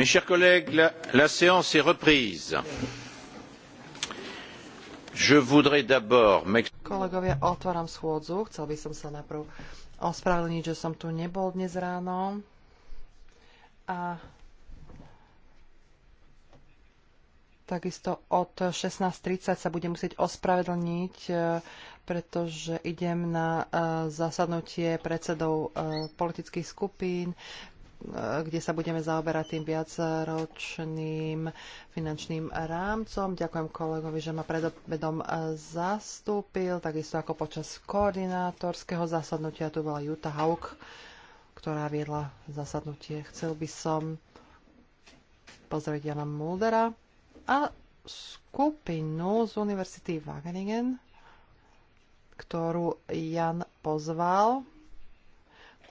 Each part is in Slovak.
Mes chers collègues, la, séance est reprise. Je voudrais d'abord Kolegovia, otváram schôdzu. Chcel by som sa ospravedlniť, že som tu nebol dnes ráno. A takisto od 16.30 sa budem musieť ospravedlniť, e, pretože idem na e, zasadnutie predsedov e, politických skupín kde sa budeme zaoberať tým viacročným finančným rámcom. Ďakujem kolegovi, že ma pred obedom zastúpil, takisto ako počas koordinátorského zasadnutia. Tu bola Juta Hauk, ktorá viedla zasadnutie. Chcel by som pozrieť Jana Muldera a skupinu z Univerzity Wageningen, ktorú Jan pozval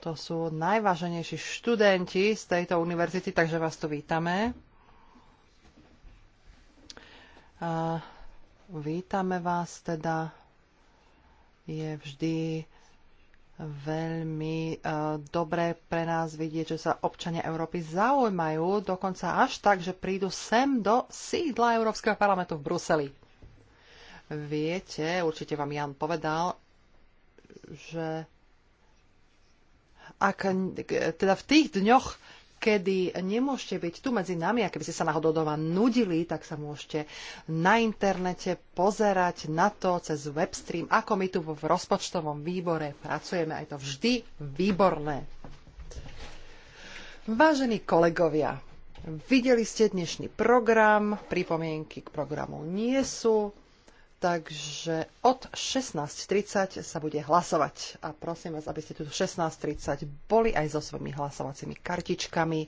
to sú najváženejší študenti z tejto univerzity, takže vás tu vítame. A vítame vás teda. Je vždy veľmi uh, dobré pre nás vidieť, že sa občania Európy zaujímajú, dokonca až tak, že prídu sem do sídla Európskeho parlamentu v Bruseli. Viete, určite vám Jan povedal, že ak, teda v tých dňoch, kedy nemôžete byť tu medzi nami a keby ste sa náhodou doma nudili, tak sa môžete na internete pozerať na to cez webstream, ako my tu v rozpočtovom výbore pracujeme. Aj to vždy výborné. Vážení kolegovia, videli ste dnešný program, pripomienky k programu nie sú. Takže od 16.30 sa bude hlasovať. A prosím vás, aby ste tu 16.30 boli aj so svojimi hlasovacími kartičkami,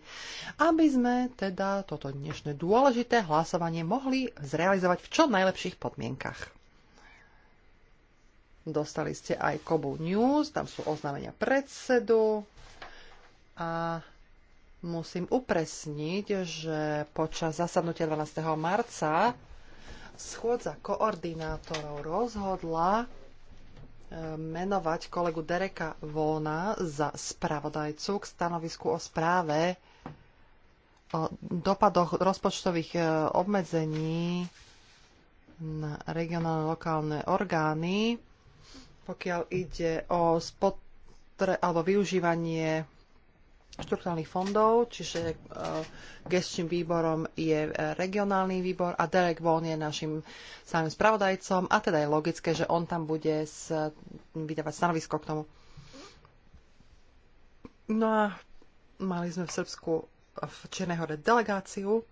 aby sme teda toto dnešné dôležité hlasovanie mohli zrealizovať v čo najlepších podmienkach. Dostali ste aj Kobu News, tam sú oznámenia predsedu a musím upresniť, že počas zasadnutia 12. marca schôdza koordinátorov rozhodla e, menovať kolegu Dereka Vóna za spravodajcu k stanovisku o správe o dopadoch rozpočtových e, obmedzení na regionálne lokálne orgány, pokiaľ ide o spotre, alebo využívanie štruktúrnych fondov, čiže e, gestčným výborom je e, regionálny výbor a Derek Vaughn je našim samým spravodajcom a teda je logické, že on tam bude s, vydávať stanovisko k tomu. No a mali sme v Srbsku v Černej hore delegáciu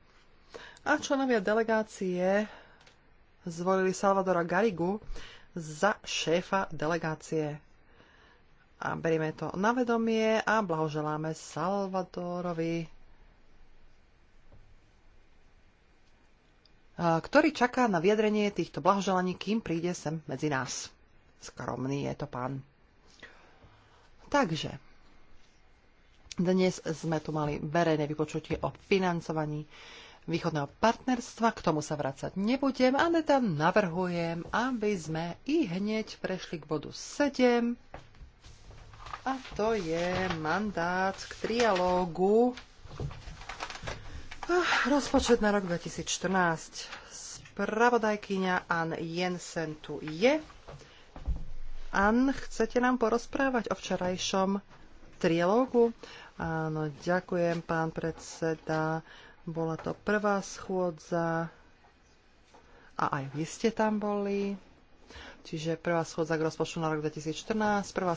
a členovia delegácie zvolili Salvadora Garigu za šéfa delegácie a berieme to na vedomie a blahoželáme Salvadorovi, ktorý čaká na vyjadrenie týchto blahoželaní, kým príde sem medzi nás. Skromný je to pán. Takže, dnes sme tu mali verejné vypočutie o financovaní východného partnerstva, k tomu sa vrácať nebudem, ale tam navrhujem, aby sme i hneď prešli k bodu 7 a to je mandát k trialógu rozpočet na rok 2014. Spravodajkyňa Ann Jensen tu je. Ann, chcete nám porozprávať o včerajšom trialógu? Áno, ďakujem, pán predseda. Bola to prvá schôdza a aj vy ste tam boli. Čiže prvá schôdza k rozpočtu na rok 2014, prvá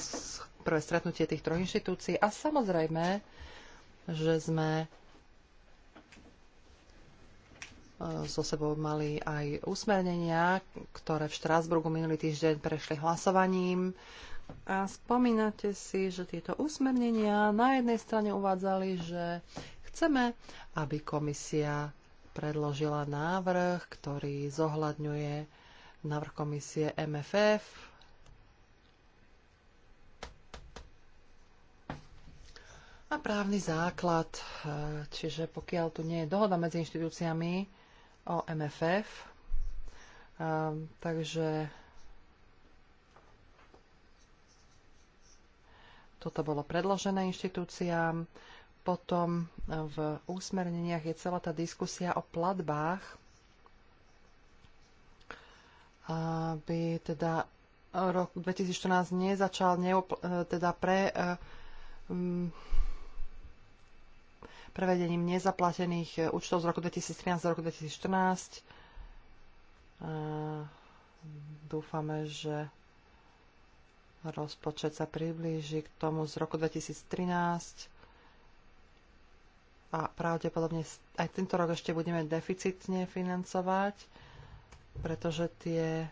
prvé stretnutie tých troch inštitúcií a samozrejme, že sme e, so sebou mali aj usmernenia, ktoré v Štrásburgu minulý týždeň prešli hlasovaním. A spomínate si, že tieto usmernenia na jednej strane uvádzali, že chceme, aby komisia predložila návrh, ktorý zohľadňuje návrh komisie MFF a právny základ. E, čiže pokiaľ tu nie je dohoda medzi inštitúciami o MFF, e, takže toto bolo predložené inštitúciám. Potom e, v úsmerneniach je celá tá diskusia o platbách, aby teda rok 2014 nezačal neopl- teda pre um, prevedením nezaplatených e, účtov z roku 2013 do roku 2014. A dúfame, že rozpočet sa priblíži k tomu z roku 2013 a pravdepodobne aj tento rok ešte budeme deficitne financovať, pretože tie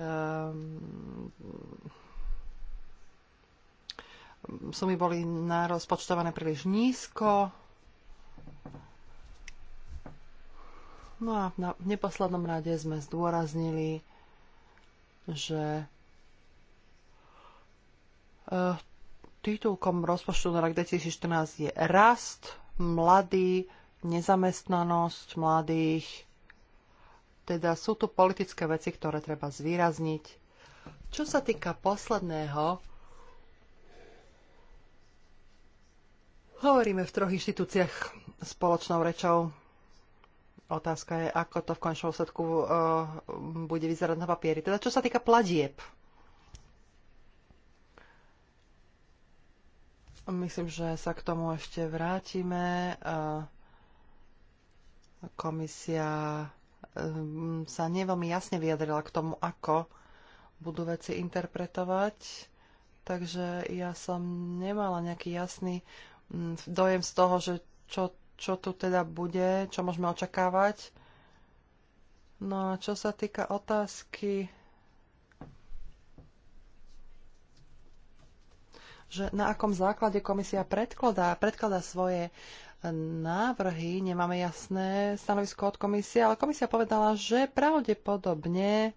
um, sumy boli narozpočtované príliš nízko. No a v neposlednom rade sme zdôraznili, že e, titulkom rozpočtu na rok 2014 je rast, mladý, nezamestnanosť mladých. Teda sú tu politické veci, ktoré treba zvýrazniť. Čo sa týka posledného, Hovoríme v troch inštitúciách spoločnou rečou. Otázka je, ako to v končnom sledku uh, e, bude vyzerať na papieri. Teda čo sa týka pladieb, Myslím, že sa k tomu ešte vrátime. E, komisia e, sa neveľmi jasne vyjadrila k tomu, ako budú veci interpretovať, takže ja som nemala nejaký jasný Mm, dojem z toho, že čo, čo tu teda bude, čo môžeme očakávať. No a čo sa týka otázky, že na akom základe komisia predkladá, predkladá svoje e, návrhy, nemáme jasné stanovisko od komisie, ale komisia povedala, že pravdepodobne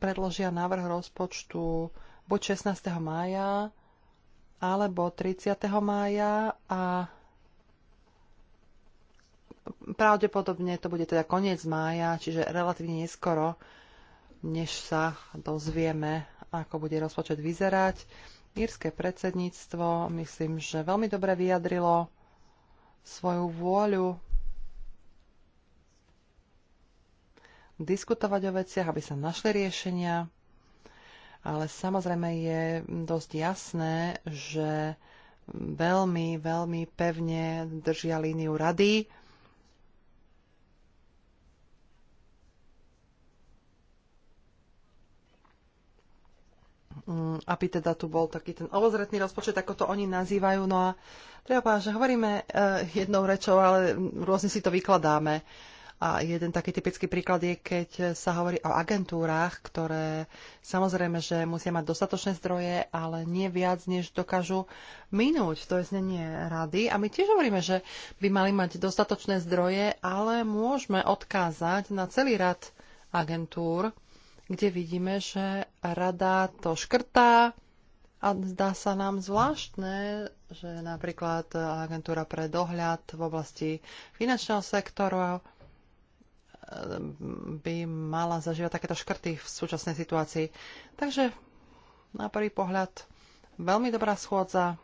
predložia návrh rozpočtu buď 16. mája alebo 30. mája a pravdepodobne to bude teda koniec mája, čiže relatívne neskoro, než sa dozvieme, ako bude rozpočet vyzerať. Írske predsedníctvo, myslím, že veľmi dobre vyjadrilo svoju vôľu diskutovať o veciach, aby sa našli riešenia ale samozrejme je dosť jasné, že veľmi, veľmi pevne držia líniu rady. Mm, aby teda tu bol taký ten obozretný rozpočet, ako to oni nazývajú. No a treba povedať, že hovoríme eh, jednou rečou, ale rôzne si to vykladáme. A jeden taký typický príklad je, keď sa hovorí o agentúrach, ktoré samozrejme, že musia mať dostatočné zdroje, ale nie viac, než dokážu minúť. To je znenie rady. A my tiež hovoríme, že by mali mať dostatočné zdroje, ale môžeme odkázať na celý rad agentúr, kde vidíme, že rada to škrtá, a zdá sa nám zvláštne, že napríklad agentúra pre dohľad v oblasti finančného sektoru by mala zažívať takéto škrty v súčasnej situácii. Takže na prvý pohľad veľmi dobrá schôdza,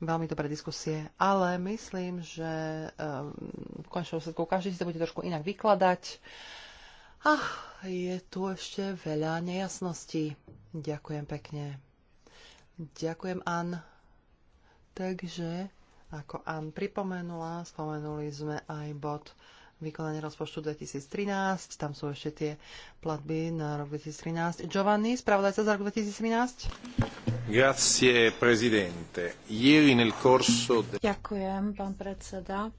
veľmi dobré diskusie, ale myslím, že eh, v končnom výsledku každý si to bude trošku inak vykladať. A je tu ešte veľa nejasností. Ďakujem pekne. Ďakujem, An. Takže, ako An pripomenula, spomenuli sme aj bod vykonanie rozpočtu 2013, tam sú ešte tie platby na rok 2013. Giovanni, spravodajca za rok 2013. Grazie, prezidente. Ieri nel corso... De... Ďakujem, pán predseda.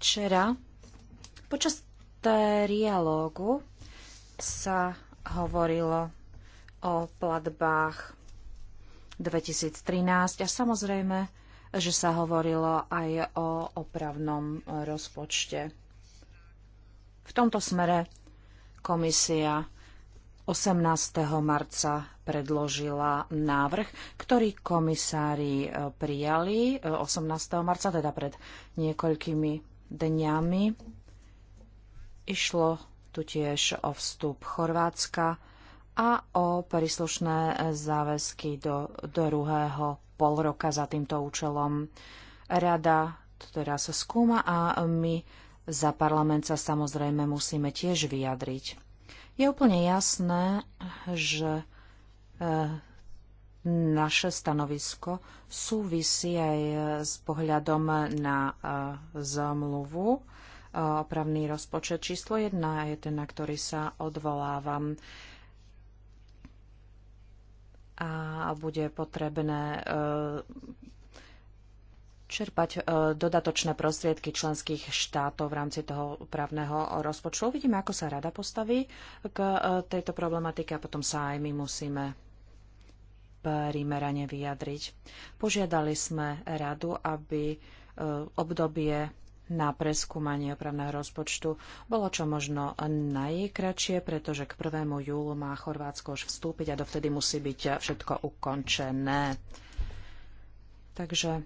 Včera počas trialógu sa hovorilo o platbách 2013 a samozrejme že sa hovorilo aj o opravnom rozpočte. V tomto smere komisia 18. marca predložila návrh, ktorý komisári e, prijali 18. E, marca, teda pred niekoľkými dňami. Išlo tu tiež o vstup Chorvátska a o príslušné záväzky do druhého pol roka za týmto účelom. Rada to teraz skúma a my za parlament sa samozrejme musíme tiež vyjadriť. Je úplne jasné, že e, naše stanovisko súvisí aj s pohľadom na e, zmluvu. E, opravný rozpočet číslo 1 je ten, na ktorý sa odvolávam a bude potrebné eh, čerpať eh, dodatočné prostriedky členských štátov v rámci toho právneho rozpočtu. Uvidíme, ako sa rada postaví k eh, tejto problematike a potom sa aj my musíme primerane vyjadriť. Požiadali sme radu, aby obdobie na preskúmanie opravného rozpočtu bolo čo možno najkračšie, pretože k 1. júlu má Chorvátsko už vstúpiť a dovtedy musí byť všetko ukončené. Takže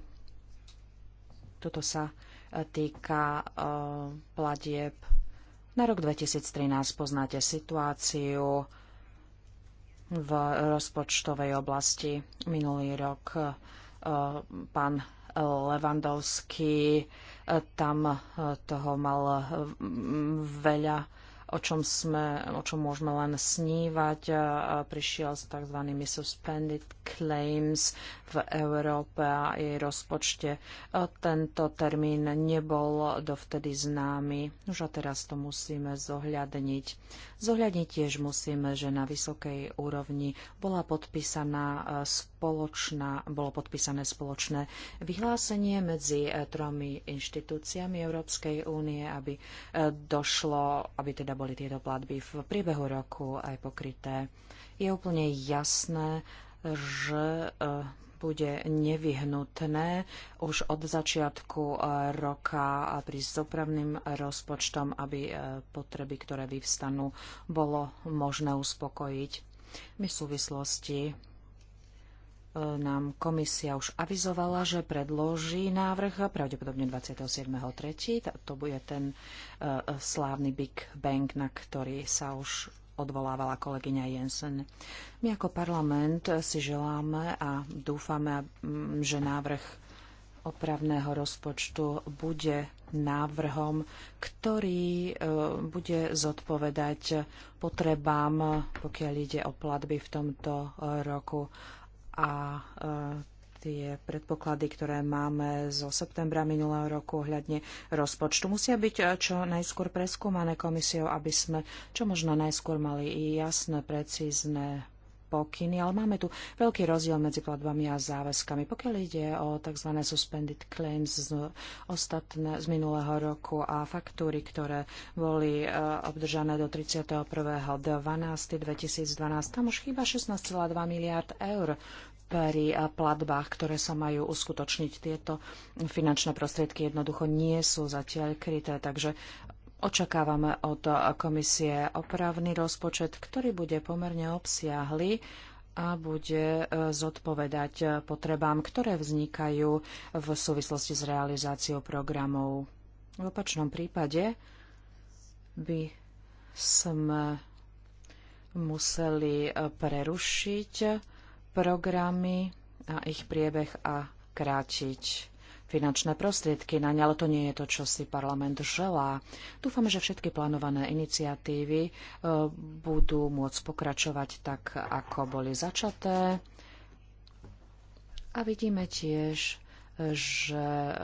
toto sa týka eh, platieb na rok 2013. Poznáte situáciu v rozpočtovej oblasti. Minulý rok eh, pán Levandovský tam eh, toho mal eh, veľa o čom, sme, o čom môžeme len snívať. Prišiel s tzv. suspended claims v Európe a jej rozpočte. Tento termín nebol dovtedy známy. Už a teraz to musíme zohľadniť. Zohľadniť tiež musíme, že na vysokej úrovni bola podpísaná spoločná, bolo podpísané spoločné vyhlásenie medzi e, tromi inštitúciami Európskej únie, aby e, došlo, aby teda boli tieto platby v priebehu roku aj pokryté. Je úplne jasné, že e, bude nevyhnutné už od začiatku e, roka pri zopravným rozpočtom, aby e, potreby, ktoré vyvstanú, bolo možné uspokojiť. My v súvislosti nám komisia už avizovala, že predloží návrh pravdepodobne 27.3. To bude ten e, slávny Big Bang, na ktorý sa už odvolávala kolegyňa Jensen. My ako parlament si želáme a dúfame, mm, že návrh opravného rozpočtu bude návrhom, ktorý e, bude zodpovedať potrebám, pokiaľ ide o platby v tomto roku a e, tie predpoklady, ktoré máme zo septembra minulého roku ohľadne rozpočtu, musia byť e, čo najskôr preskúmané komisiou, aby sme čo možno najskôr mali jasné, precízne pokyny, ale máme tu veľký rozdiel medzi platbami a záväzkami. Pokiaľ ide o tzv. suspended claims z, ostatné, z minulého roku a faktúry, ktoré boli e, obdržané do 31.12.2012, tam už chýba 16,2 miliard eur pri e, platbách, ktoré sa majú uskutočniť. Tieto finančné prostriedky jednoducho nie sú zatiaľ kryté, takže Očakávame od komisie opravný rozpočet, ktorý bude pomerne obsiahly a bude e, zodpovedať potrebám, ktoré vznikajú v súvislosti s realizáciou programov. V opačnom prípade by sme museli e, prerušiť programy a ich priebeh a krátiť finančné prostriedky na ne, ale to nie je to, čo si parlament želá. Dúfame, že všetky plánované iniciatívy e, budú môcť pokračovať tak, ako boli začaté. A vidíme tiež, že e,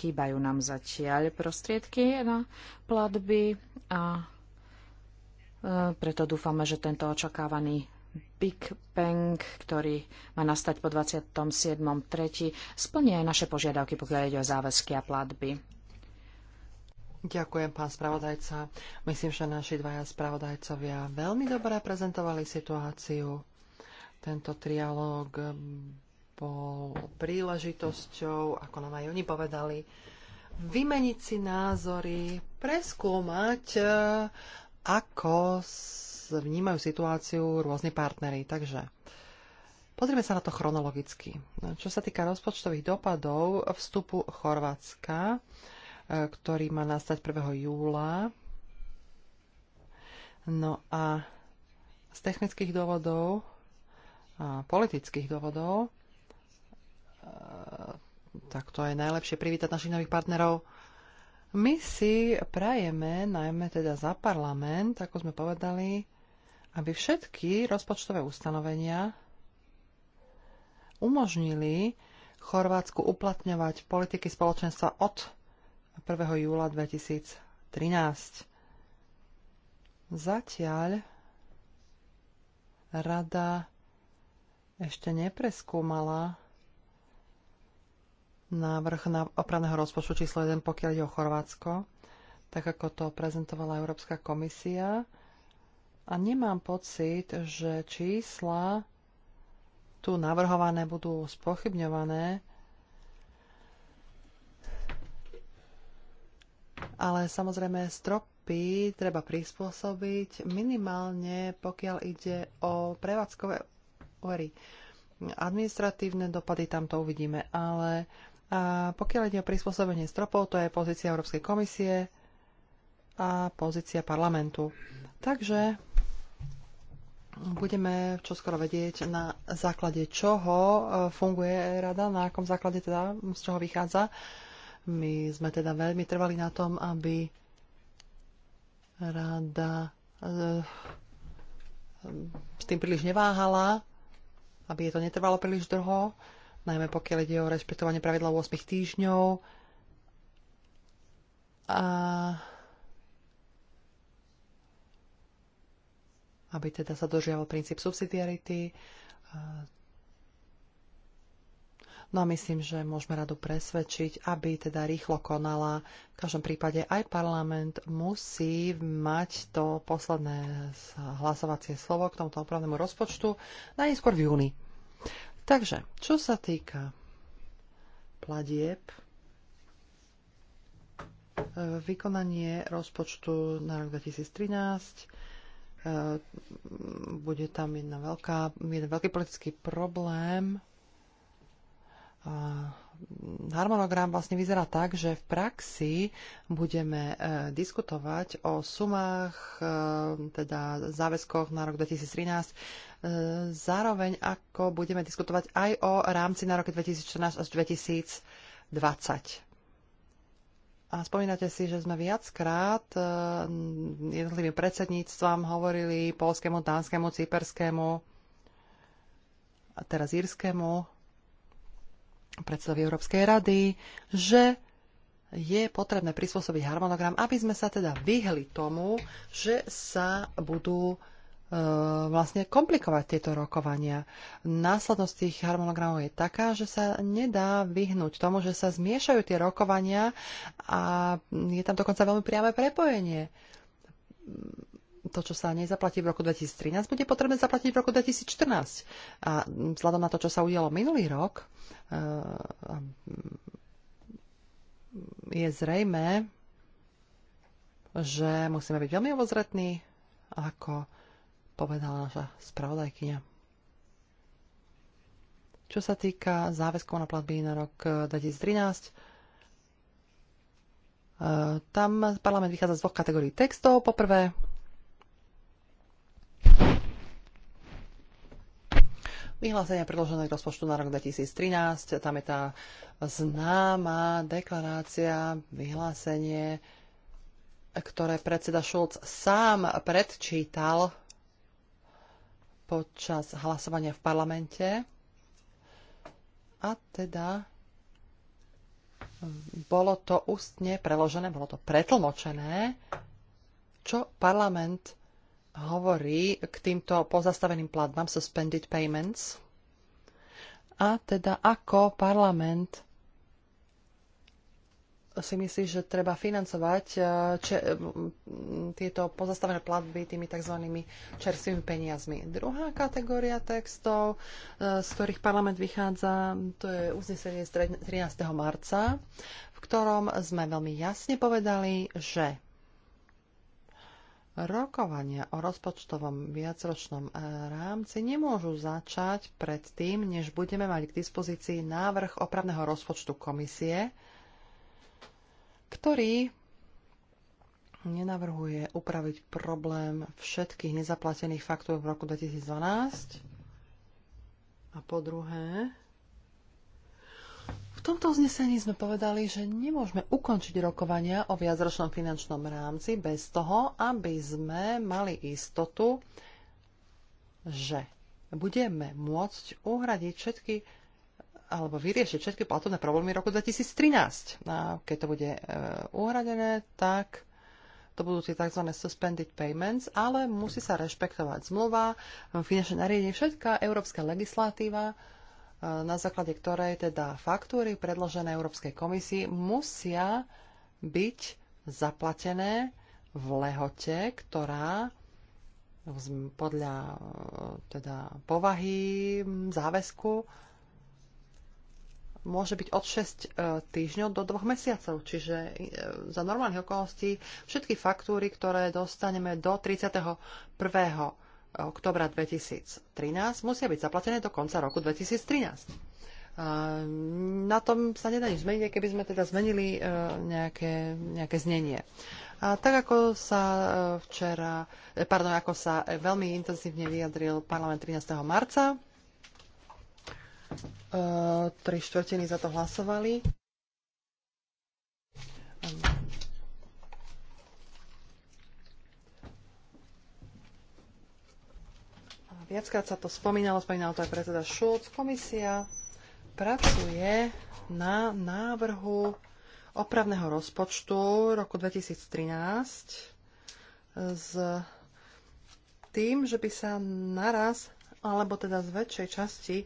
chýbajú nám zatiaľ prostriedky na platby a e, preto dúfame, že tento očakávaný Big Bang, ktorý má nastať po 27.3., splní aj naše požiadavky, pokiaľ ide o záväzky a platby. Ďakujem, pán spravodajca. Myslím, že naši dvaja spravodajcovia veľmi dobre prezentovali situáciu. Tento trialóg bol príležitosťou, ako nám aj oni povedali, vymeniť si názory, preskúmať, eh, ako vnímajú situáciu rôzni partnery. Takže pozrieme sa na to chronologicky. Čo sa týka rozpočtových dopadov vstupu Chorvátska, e, ktorý má nastať 1. júla. No a z technických dôvodov a politických dôvodov e, tak to je najlepšie privítať našich nových partnerov. My si prajeme, najmä teda za parlament, ako sme povedali, aby všetky rozpočtové ustanovenia umožnili Chorvátsku uplatňovať politiky spoločenstva od 1. júla 2013. Zatiaľ rada ešte nepreskúmala návrh na opravného rozpočtu číslo 1, pokiaľ je o Chorvátsko, tak ako to prezentovala Európska komisia a nemám pocit, že čísla tu navrhované budú spochybňované, ale samozrejme stropy treba prispôsobiť minimálne, pokiaľ ide o prevádzkové úvery. Administratívne dopady tam to uvidíme, ale a pokiaľ ide o prispôsobenie stropov, to je pozícia Európskej komisie a pozícia parlamentu. Takže budeme čoskoro vedieť, na základe čoho e, funguje rada, na akom základe teda, z čoho vychádza. My sme teda veľmi trvali na tom, aby rada e, s tým príliš neváhala, aby je to netrvalo príliš dlho, najmä pokiaľ ide o rešpektovanie pravidla 8 týždňov. A aby teda sa dožiaval princíp subsidiarity. No a myslím, že môžeme radu presvedčiť, aby teda rýchlo konala. V každom prípade aj parlament musí mať to posledné hlasovacie slovo k tomuto opravnému rozpočtu najskôr v júni. Takže, čo sa týka pladieb, e, vykonanie rozpočtu na rok 2013, E, bude tam jedna veľká, jeden veľký politický problém. harmonogram vlastne vyzerá tak, že v praxi budeme e, diskutovať o sumách, e, teda záväzkoch na rok 2013, zároveň ako budeme diskutovať aj o rámci na roky 2014 až 2020. A spomínate si, že sme viackrát e, jednotlivým predsedníctvom hovorili polskému, dánskému, cyperskému a teraz írskému predsedovi Európskej rady, že je potrebné prispôsobiť harmonogram, aby sme sa teda vyhli tomu, že sa budú E, vlastne komplikovať tieto rokovania. Následnosť tých harmonogramov je taká, že sa nedá vyhnúť tomu, že sa zmiešajú tie rokovania a je tam dokonca veľmi priame prepojenie. To, čo sa nezaplatí v roku 2013, bude potrebné zaplatiť v roku 2014. A vzhľadom na to, čo sa udialo minulý rok, e, je zrejme, že musíme byť veľmi obozretní, ako povedala naša spravodajkyňa. Čo sa týka záväzkov na platby na rok 2013, eh, eh, tam parlament vychádza z dvoch kategórií textov. Poprvé, vyhlásenia predložené k rozpočtu na rok 2013. Tam je tá známa deklarácia, vyhlásenie, ktoré predseda Šulc sám predčítal počas hlasovania v parlamente. A teda bolo to ústne preložené, bolo to pretlmočené, čo parlament hovorí k týmto pozastaveným platbám, suspended payments. A teda ako parlament si myslí, že treba financovať eh, če, eh, tieto pozastavené platby tými tzv. čerstvými peniazmi. Druhá kategória textov, eh, z ktorých parlament vychádza, to je uznesenie z 13. marca, v ktorom sme veľmi jasne povedali, že Rokovania o rozpočtovom viacročnom rámci nemôžu začať pred tým, než budeme mať k dispozícii návrh opravného rozpočtu komisie, ktorý nenavrhuje upraviť problém všetkých nezaplatených faktúr v roku 2012. A po druhé, v tomto uznesení sme povedali, že nemôžeme ukončiť rokovania o viacročnom finančnom rámci bez toho, aby sme mali istotu, že budeme môcť uhradiť všetky alebo vyriešiť všetky platobné problémy roku 2013. A keď to bude e, uhradené, tak to budú tie tzv. suspended payments, ale musí sa rešpektovať zmluva, finančné nariadenie, všetká európska legislatíva, e, na základe ktorej teda faktúry predložené Európskej komisii musia byť zaplatené v lehote, ktorá podľa e, teda povahy záväzku môže byť od 6 e, týždňov do 2 mesiacov. Čiže e, za normálnych okolností všetky faktúry, ktoré dostaneme do 31. oktobra 2013, musia byť zaplatené do konca roku 2013. E, na tom sa nedá nič zmeniť, keby sme teda zmenili nejaké, nejaké znenie. A tak ako sa včera, pardon, ako sa veľmi intenzívne vyjadril parlament 13. marca, Eh, tri štvrtiny za to hlasovali. Viackrát sa to spomínalo, spomínal to aj predseda Šulc. Komisia pracuje na návrhu opravného rozpočtu roku 2013 s tým, že by sa naraz, alebo teda z väčšej časti,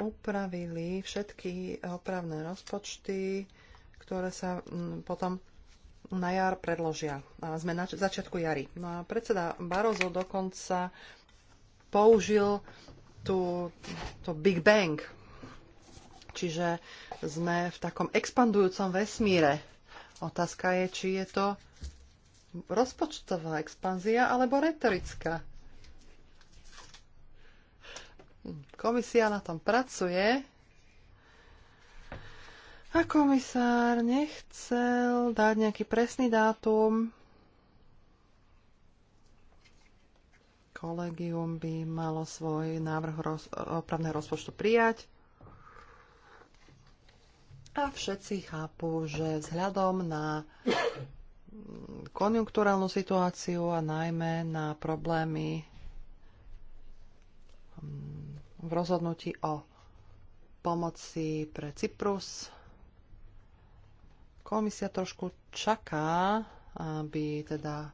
upravili všetky opravné rozpočty, ktoré sa mm, potom na jar predložia. A sme na začiatku jary. No a predseda Barozo dokonca použil tú, to Big Bang. Čiže sme v takom expandujúcom vesmíre. Otázka je, či je to rozpočtová expanzia alebo retorická. Komisia na tom pracuje a komisár nechcel dať nejaký presný dátum. Kolegium by malo svoj návrh roz, opravného rozpočtu prijať. A všetci chápu, že vzhľadom na konjunkturálnu situáciu a najmä na problémy v rozhodnutí o pomoci pre Cyprus. Komisia trošku čaká, aby teda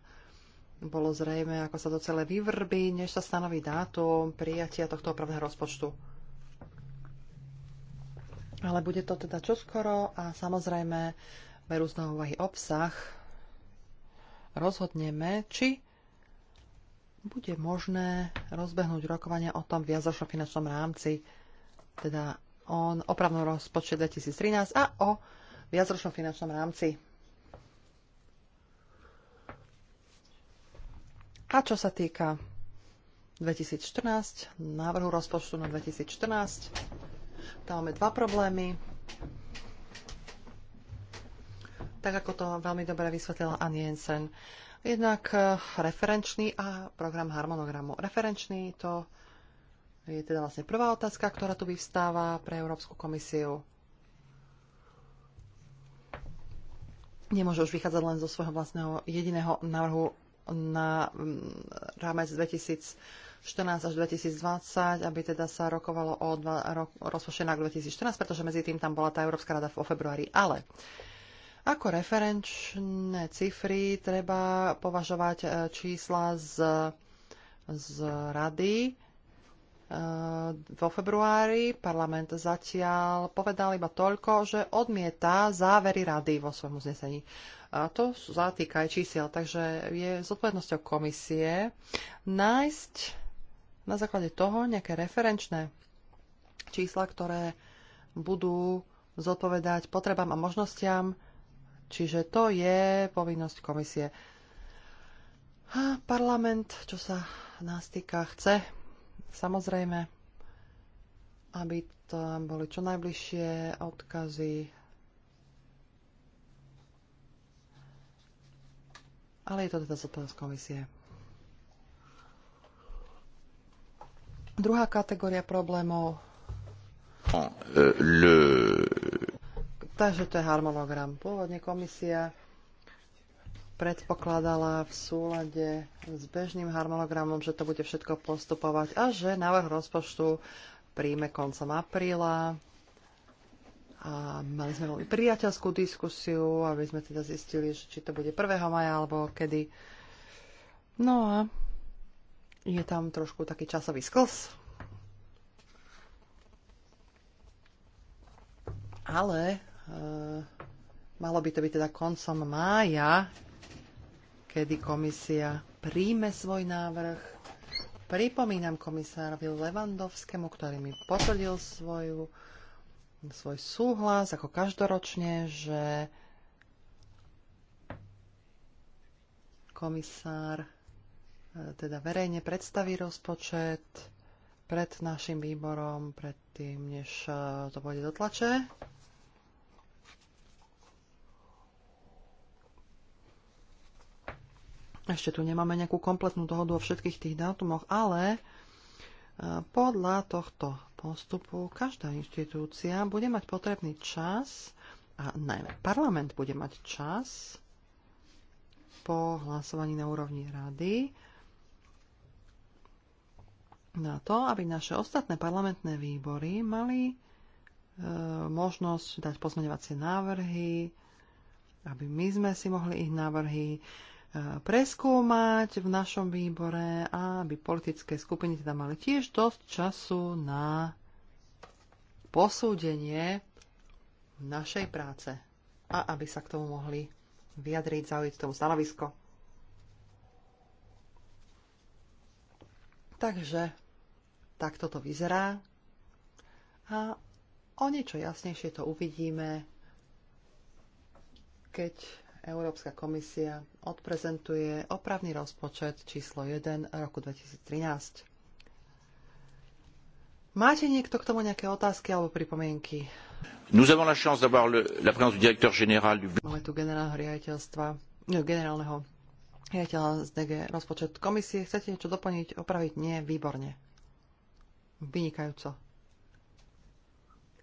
bolo zrejme, ako sa to celé vyvrbí, než sa stanoví dátum prijatia tohto opravného rozpočtu. Ale bude to teda čoskoro a samozrejme berú z úvahy obsah. Rozhodneme, či bude možné rozbehnúť rokovania o tom viacročnom finančnom rámci, teda o opravnom rozpočte 2013 a o viacročnom finančnom rámci. A čo sa týka 2014, návrhu rozpočtu na 2014, tam máme dva problémy. Tak ako to veľmi dobre vysvetlila Ann Jensen, Jednak eh, referenčný a program harmonogramu. Referenčný to je teda vlastne prvá otázka, ktorá tu vyvstáva pre Európsku komisiu. Nemôže už vychádzať len zo svojho vlastného jediného návrhu na mm, rámec 2014 až 2020, aby teda sa rokovalo o dva, ro, rozpočte na 2014, pretože medzi tým tam bola tá Európska rada vo februári. Ale ako referenčné cifry treba považovať e, čísla z, z rady. E, vo februári parlament zatiaľ povedal iba toľko, že odmieta závery rady vo svojom uznesení. A to zatýka aj čísiel, takže je zodpovednosťou komisie nájsť na základe toho nejaké referenčné čísla, ktoré budú zodpovedať potrebám a možnostiam Čiže to je povinnosť komisie. A parlament, čo sa nás týka, chce samozrejme, aby tam boli čo najbližšie odkazy Ale je to teda zodpovednosť komisie. Druhá kategória problémov. Euh, le, Takže to je harmonogram. Pôvodne komisia predpokladala v súlade s bežným harmonogramom, že to bude všetko postupovať a že návrh rozpočtu príjme koncom apríla. A mali sme veľmi priateľskú diskusiu, aby sme teda zistili, či to bude 1. maja alebo kedy. No a je tam trošku taký časový sklz. Ale Eh, malo by to byť teda koncom mája, kedy komisia príjme svoj návrh. Pripomínam komisárovi Levandovskému, ktorý mi potvrdil svoju, svoj súhlas, ako každoročne, že komisár eh, teda verejne predstaví rozpočet pred našim výborom, pred tým, než eh, to pôjde do tlače. Ešte tu nemáme nejakú kompletnú dohodu o všetkých tých dátumoch, ale e, podľa tohto postupu každá inštitúcia bude mať potrebný čas a najmä parlament bude mať čas po hlasovaní na úrovni rady na to, aby naše ostatné parlamentné výbory mali e, možnosť dať pozmeňovacie návrhy, aby my sme si mohli ich návrhy E, preskúmať v našom výbore, a aby politické skupiny teda mali tiež dosť času na posúdenie našej práce a aby sa k tomu mohli vyjadriť, zaujíť tomu stanovisko. Takže takto to vyzerá a o niečo jasnejšie to uvidíme, keď Európska komisia odprezentuje opravný rozpočet číslo 1 roku 2013. Máte niekto k tomu nejaké otázky alebo pripomienky? Nous avons la chance d'avoir la présence du directeur général du... Máme tu generálneho riaditeľstva, no, generálneho riaditeľa z DG rozpočet komisie. Chcete niečo doplniť, opraviť? Nie, výborne. Vynikajúco.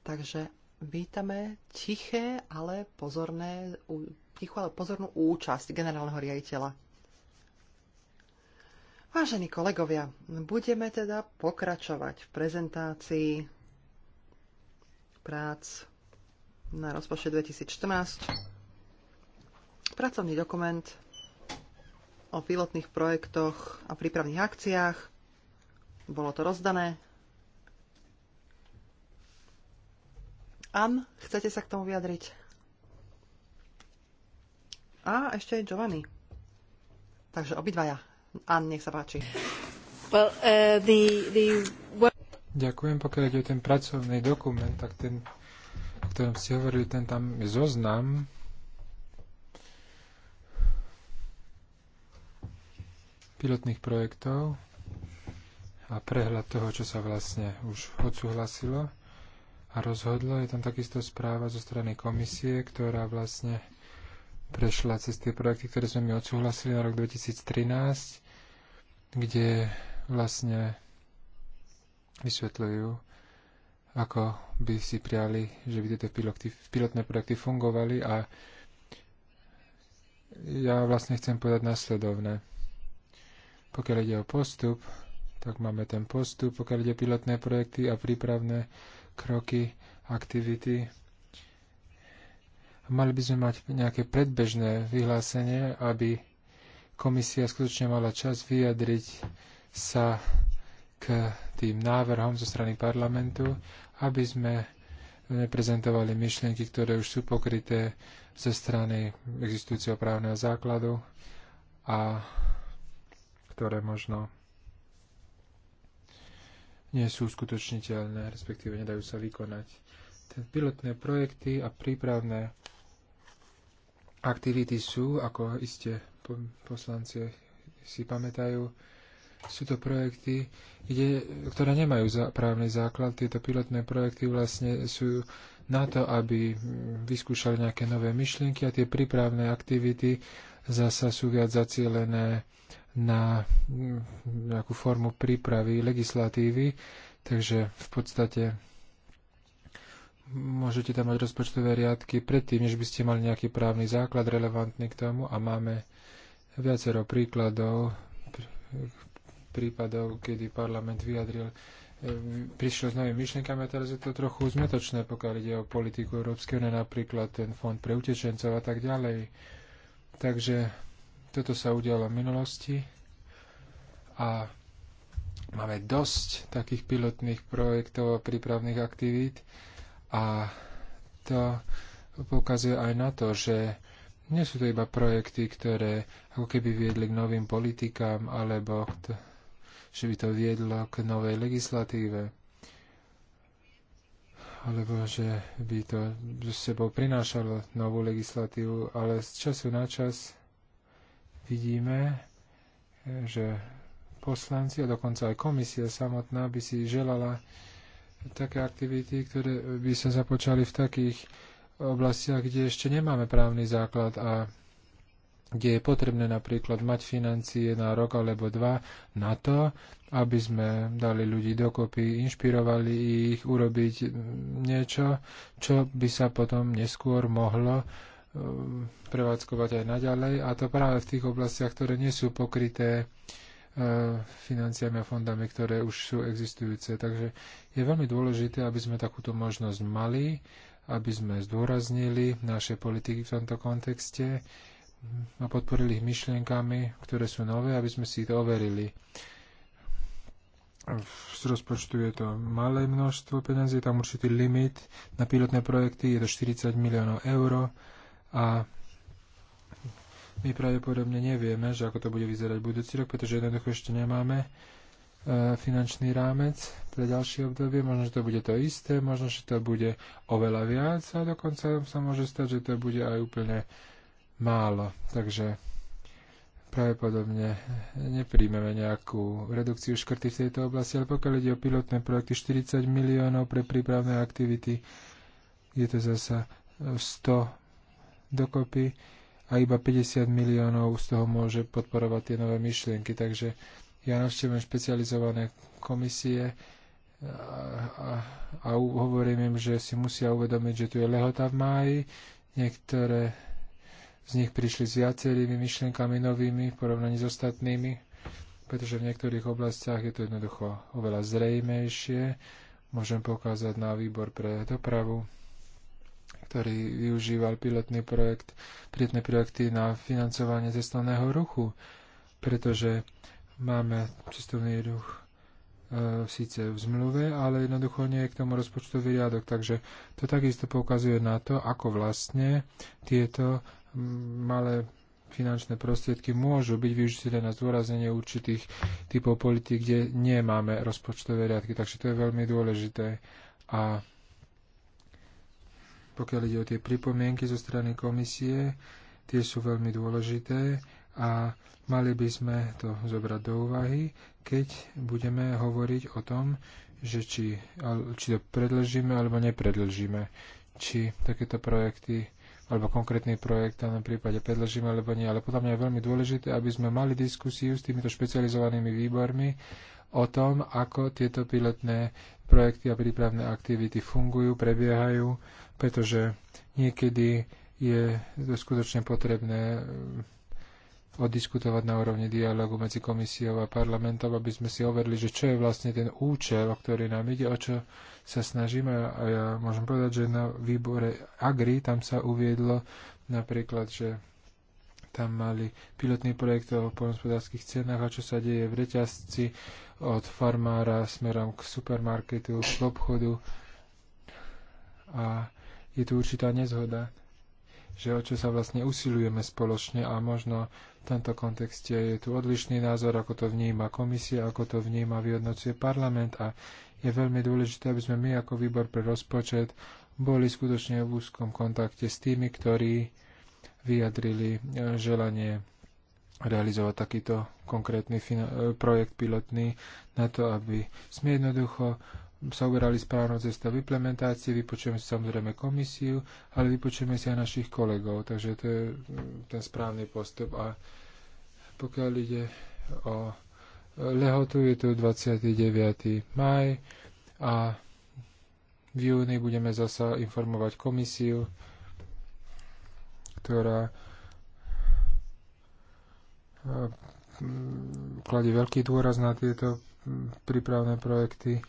Takže vítame tiché, ale pozorné tichú, ale pozornú účasť generálneho riaditeľa. Vážení kolegovia, budeme teda pokračovať v prezentácii prác na rozpočet 2014. Pracovný dokument o pilotných projektoch a prípravných akciách. Bolo to rozdané. An, chcete sa k tomu vyjadriť? A ešte aj Giovanni. Takže obidvaja. Ann, nech sa páči. Well, uh, the, the... Ďakujem, pokiaľ ide o ten pracovný dokument, tak ten, o ktorom ste hovorili, ten tam je zoznam. pilotných projektov a prehľad toho, čo sa vlastne už odsúhlasilo a rozhodlo. Je tam takisto správa zo strany komisie, ktorá vlastne prešla cez tie projekty, ktoré sme mi odsúhlasili na rok 2013, kde vlastne vysvetľujú, ako by si priali, že by tieto piloty, pilotné projekty fungovali a ja vlastne chcem povedať nasledovné. Pokiaľ ide o postup, tak máme ten postup, pokiaľ ide o pilotné projekty a prípravné kroky, aktivity, Mali by sme mať nejaké predbežné vyhlásenie, aby komisia skutočne mala čas vyjadriť sa k tým návrhom zo strany parlamentu, aby sme neprezentovali myšlienky, ktoré už sú pokryté ze strany existujúceho právneho základu a ktoré možno nie sú skutočniteľné, respektíve nedajú sa vykonať. pilotné projekty a prípravné aktivity sú, ako iste poslanci si pamätajú, sú to projekty, kde, ktoré nemajú za, právny základ. Tieto pilotné projekty vlastne sú na to, aby vyskúšali nejaké nové myšlienky a tie prípravné aktivity zasa sú viac zacielené na nejakú formu prípravy legislatívy. Takže v podstate môžete tam mať rozpočtové riadky predtým, než by ste mali nejaký právny základ relevantný k tomu a máme viacero príkladov, prípadov, kedy parlament vyjadril, e, prišiel s novými myšlienkami a teraz je to trochu zmetočné, pokiaľ ide o politiku Európskej únie, napríklad ten fond pre utečencov a tak ďalej. Takže toto sa udialo v minulosti a máme dosť takých pilotných projektov a prípravných aktivít, a to poukazuje aj na to, že nie sú to iba projekty, ktoré ako keby viedli k novým politikám, alebo že by to viedlo k novej legislatíve, alebo že by to s sebou prinášalo novú legislatívu, ale z času na čas vidíme, eh, že poslanci a dokonca aj komisia samotná by si želala také aktivity, ktoré by sa započali v takých oblastiach, kde ešte nemáme právny základ a kde je potrebné napríklad mať financie na rok alebo dva na to, aby sme dali ľudí dokopy, inšpirovali ich urobiť niečo, čo by sa potom neskôr mohlo um, prevádzkovať aj naďalej a to práve v tých oblastiach, ktoré nie sú pokryté uh, E, financiami a fondami, ktoré už sú existujúce. Takže je veľmi dôležité, aby sme takúto možnosť mali, aby sme zdôraznili naše politiky v tomto kontexte a podporili ich myšlienkami, ktoré sú nové, aby sme si to overili. Z rozpočtu je to malé množstvo peniazy, je tam určitý limit na pilotné projekty, je to 40 miliónov eur a my pravdepodobne nevieme, že ako to bude vyzerať budúci rok, pretože jednoducho ešte nemáme e, finančný rámec pre ďalšie obdobie. Možno, že to bude to isté, možno, že to bude oveľa viac a dokonca sa môže stať, že to bude aj úplne málo. Takže pravdepodobne nepríjmeme nejakú redukciu škrty v tejto oblasti, ale pokiaľ ide o pilotné projekty 40 miliónov pre prípravné aktivity, je to zasa 100 dokopy a iba 50 miliónov z toho môže podporovať tie nové myšlienky. Takže ja navštevujem špecializované komisie a, a, a hovorím im, že si musia uvedomiť, že tu je lehota v máji. Niektoré z nich prišli s viacerými myšlienkami novými v porovnaní s ostatnými, pretože v niektorých oblastiach je to jednoducho oveľa zrejmejšie. Môžem pokázať na výbor pre dopravu, ktorý využíval pilotný projekt, pilotné projekty na financovanie cestovného ruchu, pretože máme cestovný ruch e, síce v zmluve, ale jednoducho nie je k tomu rozpočtový riadok. Takže to takisto poukazuje na to, ako vlastne tieto malé finančné prostriedky môžu byť využité na zdôraznenie určitých typov politik, kde nemáme rozpočtové riadky. Takže to je veľmi dôležité. A pokiaľ ide o tie pripomienky zo strany komisie, tie sú veľmi dôležité a mali by sme to zobrať do úvahy, keď budeme hovoriť o tom, že či, či to predlžíme alebo nepredlžíme, či takéto projekty alebo konkrétny projekt na prípade predlžíme alebo nie. Ale podľa mňa je veľmi dôležité, aby sme mali diskusiu s týmito špecializovanými výbormi o tom, ako tieto pilotné projekty a prípravné aktivity fungujú, prebiehajú, pretože niekedy je to skutočne potrebné eh, oddiskutovať na úrovni dialogu medzi komisiou a parlamentom, aby sme si overili, že čo je vlastne ten účel, o ktorý nám ide, o čo sa snažíme. A ja môžem povedať, že na výbore Agri tam sa uviedlo napríklad, že tam mali pilotný projekt o poľnospodárských cenách a čo sa deje v reťazci od farmára smerom k supermarketu, k obchodu. A je tu určitá nezhoda, že o čo sa vlastne usilujeme spoločne a možno v tomto kontexte je tu odlišný názor, ako to vníma komisia, ako to vníma vyhodnocuje parlament a je veľmi dôležité, aby sme my ako výbor pre rozpočet boli skutočne v úzkom kontakte s tými, ktorí vyjadrili e, želanie realizovať takýto konkrétny e, projekt pilotný na to, aby sme jednoducho sa uberali správnou cestou implementácii, vypočujeme si samozrejme komisiu, ale vypočujeme si aj našich kolegov, takže to je mm, ten správny postup. A pokiaľ ide o lehotu, je tu 29. maj a v júni budeme zasa informovať komisiu ktorá eh, kladie veľký dôraz na tieto prípravné projekty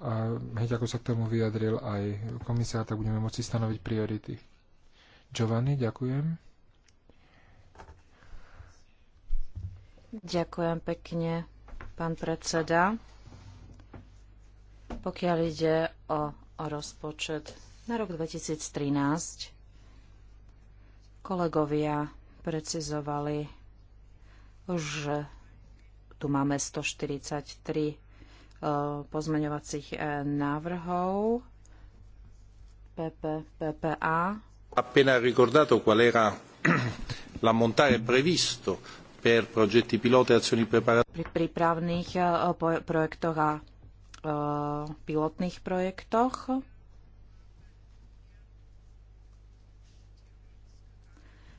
a hneď ako sa k tomu vyjadril aj komisár, tak budeme moci stanoviť priority. Giovanni, ďakujem. Ďakujem pekne, pán predseda. Pokiaľ ide o, o rozpočet na rok 2013, Kolegovia precizovali, že tu máme 143 e, pozmeňovacích e, návrhov PP, PPA. Appena ricordato qual era l'ammontare previsto per progetti pilota e azioni preparatorie. Pri prípravných e, projektoch a pilotných projektoch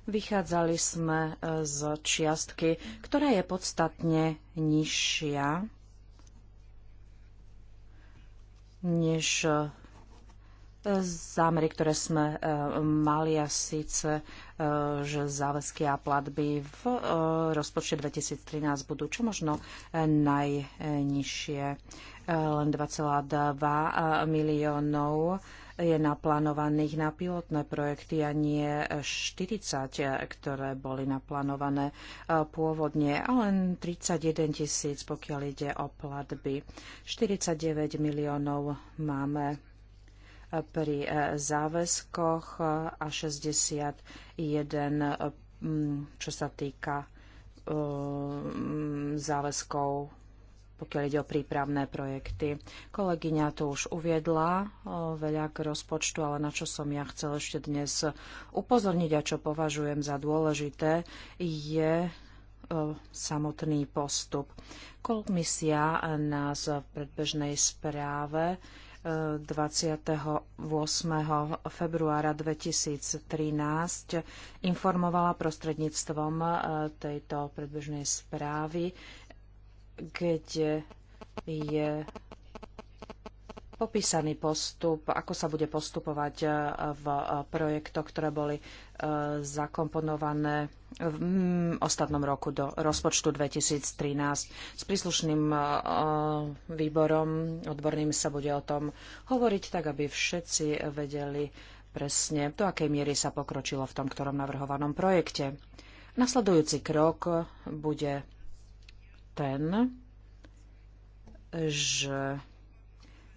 Vychádzali sme e, z čiastky, ktorá je podstatne nižšia než e, zámery, ktoré sme e, mali a síce, že záväzky a platby v rozpočte 2013 budú čo možno najnižšie, len 2,2 miliónov je naplánovaných na pilotné projekty a nie 40, ktoré boli naplánované e, pôvodne a len 31 tisíc, pokiaľ ide o platby. 49 miliónov máme e, pri e, záväzkoch a 61, čo sa týka záväzkov pokiaľ ide o prípravné projekty. Kolegyňa to už uviedla veľa k rozpočtu, ale na čo som ja chcel ešte dnes upozorniť a čo považujem za dôležité, je samotný postup. Komisia nás v predbežnej správe 28. februára 2013 informovala prostredníctvom tejto predbežnej správy kde je popísaný postup, ako sa bude postupovať eh, v eh, projektoch, ktoré boli eh, zakomponované v mm, ostatnom roku do rozpočtu 2013. S príslušným výborom odborným sa bude o tom hovoriť, tak aby všetci vedeli presne, do akej miery sa pokročilo v tom ktorom navrhovanom projekte. Nasledujúci krok bude ten, že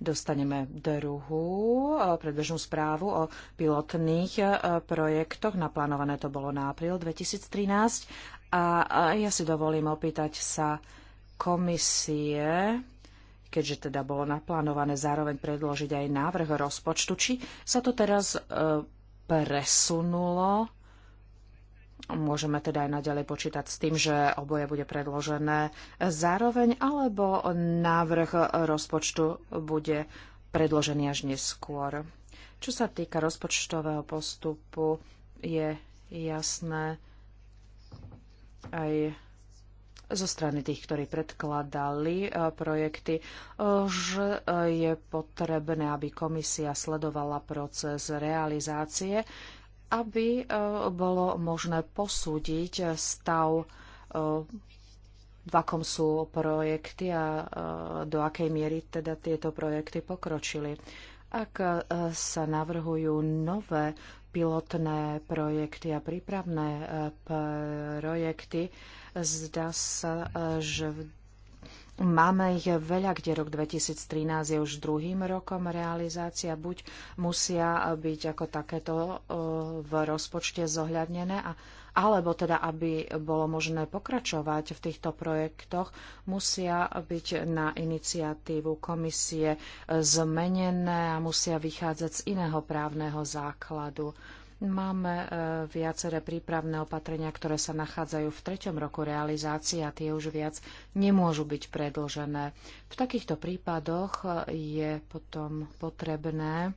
dostaneme druhú e, predbežnú správu o pilotných e, projektoch. Naplánované to bolo na apríl 2013. A ja si dovolím opýtať sa komisie, keďže teda bolo naplánované zároveň predložiť aj návrh rozpočtu, či sa to teraz e, presunulo Môžeme teda aj naďalej počítať s tým, že oboje bude predložené zároveň, alebo návrh rozpočtu bude predložený až neskôr. Čo sa týka rozpočtového postupu, je jasné aj zo strany tých, ktorí predkladali e, projekty, e, že e, je potrebné, aby komisia sledovala proces realizácie aby e, bolo možné posúdiť stav e, v akom sú projekty a e, do akej miery teda tieto projekty pokročili. Ak sa navrhujú nové pilotné projekty a prípravné projekty, zdá sa, že v Máme ich veľa, kde rok 2013 je už druhým rokom realizácia. Buď musia byť ako takéto e, v rozpočte zohľadnené, alebo teda, aby bolo možné pokračovať v týchto projektoch, musia byť na iniciatívu komisie e, zmenené a musia vychádzať z iného právneho základu. Máme e, viaceré prípravné opatrenia, ktoré sa nachádzajú v treťom roku realizácie a tie už viac nemôžu byť predlžené. V takýchto prípadoch e, je potom potrebné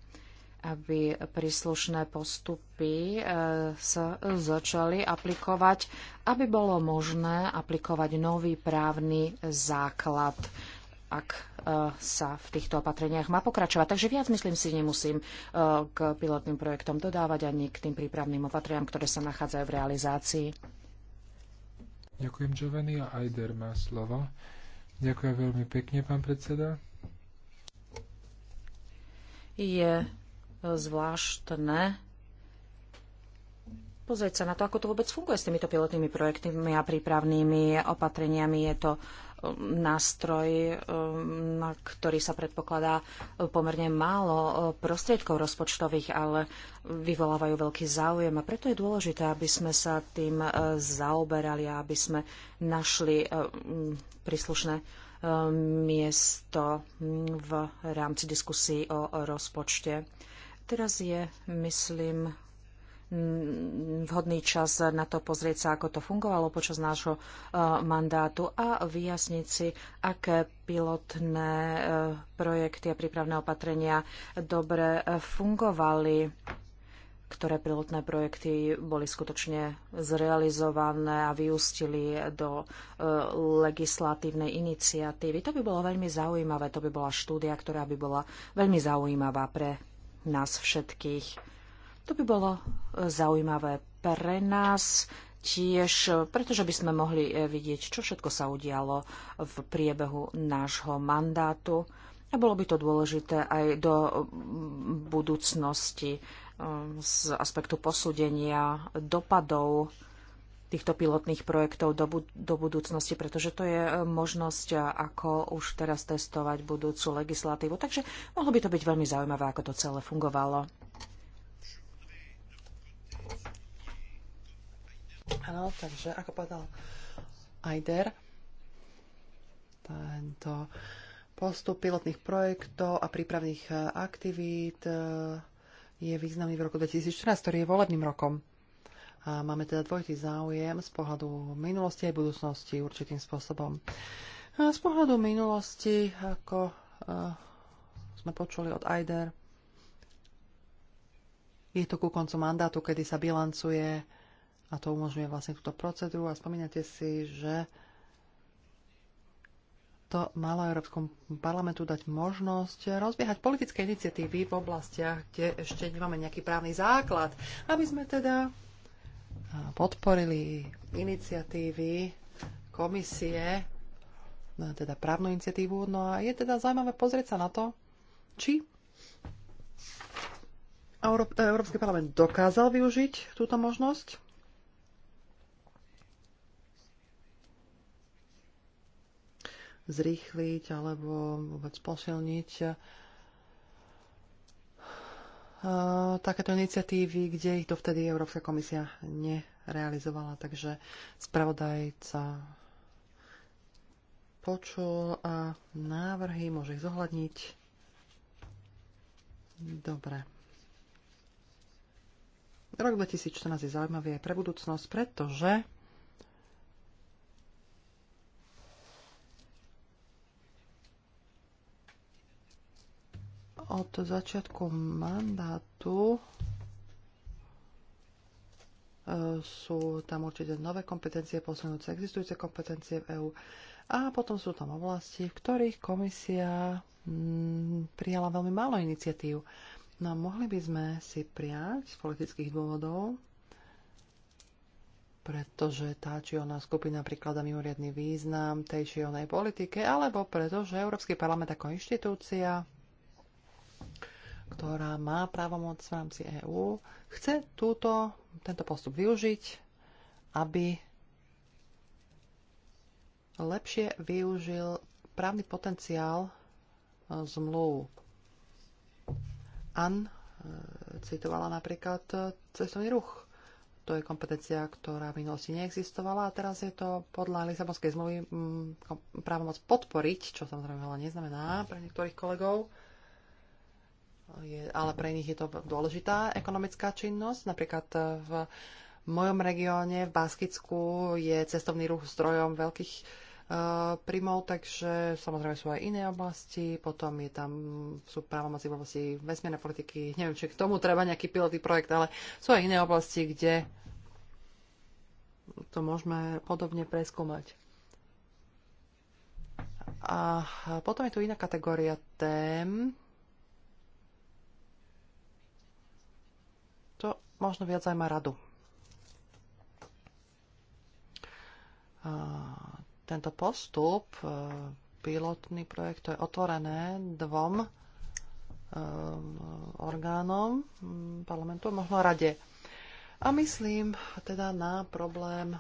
aby príslušné postupy e, sa začali aplikovať, aby bolo možné aplikovať nový právny základ ak e, sa v týchto opatreniach má pokračovať. Takže viac, myslím si, nemusím e, k pilotným projektom dodávať ani k tým prípravným opatreniam, ktoré sa nachádzajú v realizácii. Ďakujem, Giovanni. A Ajder má slovo. Ďakujem veľmi pekne, pán predseda. Je zvláštne pozrieť sa na to, ako to vôbec funguje s týmito pilotnými projektmi a prípravnými opatreniami. Je to nástroj, um, na ktorý sa predpokladá pomerne málo uh, prostriedkov rozpočtových, ale vyvolávajú veľký záujem a preto je dôležité, aby sme sa tým uh, zaoberali a aby sme našli uh, príslušné miesto v rámci diskusí o rozpočte. Teraz je, myslím, Mm, vhodný čas na to pozrieť sa, ako to fungovalo počas nášho e, mandátu a vyjasniť si, aké pilotné e, projekty a prípravné opatrenia dobre e, fungovali ktoré pilotné projekty boli skutočne zrealizované a vyústili do legislatívnej iniciatívy. To by bolo veľmi zaujímavé, to by bola štúdia, ktorá by bola veľmi zaujímavá pre nás všetkých. To by bolo e, zaujímavé pre nás tiež, pretože by sme mohli e, vidieť, čo všetko sa udialo v priebehu nášho mandátu. A bolo by to dôležité aj do budúcnosti e, z aspektu posúdenia dopadov týchto pilotných projektov do, bud- do budúcnosti, pretože to je možnosť, ako už teraz testovať budúcu legislatívu. Takže mohlo by to byť veľmi zaujímavé, ako to celé fungovalo. Áno, takže ako povedal Ajder, tento postup pilotných projektov a prípravných e, aktivít e, je významný v roku 2014, ktorý je volebným rokom. A máme teda dvojitý záujem z pohľadu minulosti aj budúcnosti určitým spôsobom. A z pohľadu minulosti, ako uh, sme počuli od Aider, je to ku koncu mandátu, kedy sa bilancuje a to umožňuje vlastne túto procedúru a spomínate si, že to malo Európskom parlamentu dať možnosť rozbiehať politické iniciatívy v oblastiach, kde ešte nemáme nejaký právny základ, aby sme teda podporili iniciatívy komisie, teda právnu iniciatívu. No a je teda zaujímavé pozrieť sa na to, či Európsky parlament dokázal využiť túto možnosť zrýchliť alebo vôbec posilniť eh, takéto iniciatívy, kde ich dovtedy Európska komisia nerealizovala. Takže spravodajca počul a návrhy môže ich zohľadniť. Dobre. Rok 2014 je zaujímavý aj pre budúcnosť, pretože od začiatku mandátu e, sú tam určite nové kompetencie, posunúce existujúce kompetencie v EÚ. A potom sú tam oblasti, v ktorých komisia mm, prijala veľmi málo iniciatív. No mohli by sme si prijať z politických dôvodov, pretože tá či ona skupina prikladá mimoriadný význam tej či onej politike, alebo pretože Európsky parlament ako inštitúcia ktorá má právomoc v rámci EÚ, chce túto, tento postup využiť, aby lepšie využil právny potenciál e, zmluv. An e, citovala napríklad e, cestovný ruch. To je kompetencia, ktorá v minulosti neexistovala a teraz je to podľa Lisabonskej zmluvy právomoc podporiť, čo samozrejme veľa neznamená pre niektorých kolegov je, ale pre nich je to dôležitá ekonomická činnosť. Napríklad eh, v mojom regióne, v Baskicku, je cestovný ruch zdrojom veľkých uh, eh, primov, takže samozrejme sú aj iné oblasti, potom je tam, sú právomoci v oblasti vesmiernej politiky, neviem, či k tomu treba nejaký pilotný projekt, ale sú aj iné oblasti, kde to môžeme podobne preskúmať. A potom je tu iná kategória tém, možno viac aj má radu. Tento postup, e, pilotný projekt, to je otvorené dvom e, orgánom parlamentu, možno rade. A myslím teda na problém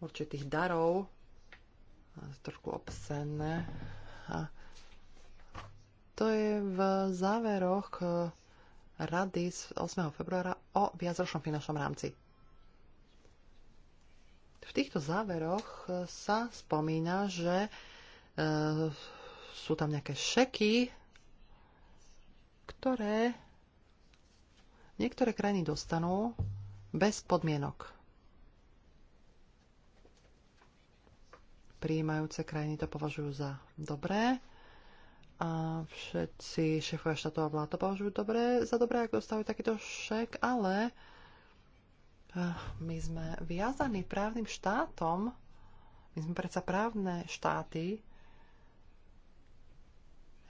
určitých darov, trošku obscenné. A to je v záveroch e, rady z 8. februára o viacročnom finančnom rámci. V týchto záveroch sa spomína, že e, sú tam nejaké šeky, ktoré niektoré krajiny dostanú bez podmienok. Prijímajúce krajiny to považujú za dobré a všetci šéfovia štátov a vláda to považujú dobre, za dobré, ak dostávajú takýto šek, ale eh, my sme viazaní právnym štátom, my sme predsa právne štáty,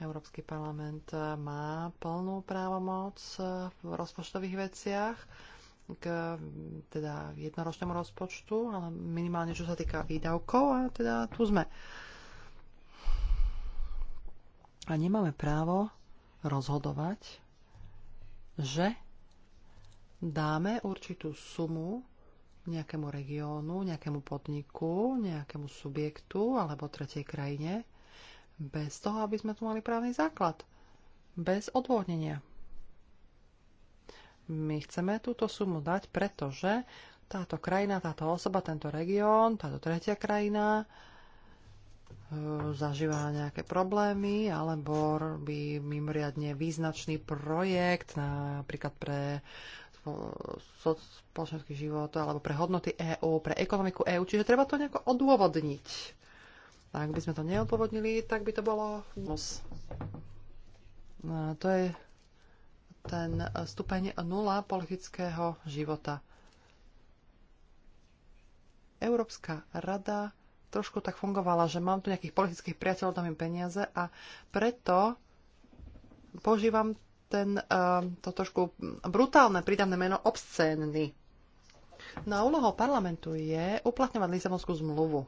Európsky parlament eh, má plnú právomoc eh, v rozpočtových veciach k teda jednoročnému rozpočtu, ale minimálne čo sa týka výdavkov a teda tu sme. Uh, a nemáme právo rozhodovať, že dáme určitú sumu nejakému regiónu, nejakému podniku, nejakému subjektu alebo tretej krajine, bez toho, aby sme tu mali právny základ, bez odvodnenia. My chceme túto sumu dať, pretože táto krajina, táto osoba, tento región, táto tretia krajina E, zažíva nejaké problémy, alebo robí mimoriadne význačný projekt, napríklad pre spoločenský život alebo pre hodnoty EÚ, pre ekonomiku EÚ, čiže treba to nejako odôvodniť. Ak by sme to neodôvodnili, tak by to bolo... No, to je ten stupeň nula politického života. Európska rada trošku tak fungovala, že mám tu nejakých politických priateľov, tam im peniaze a preto používam ten, eh, to trošku brutálne prídavné meno obscénny. No a úlohou parlamentu je uplatňovať Lisabonskú zmluvu.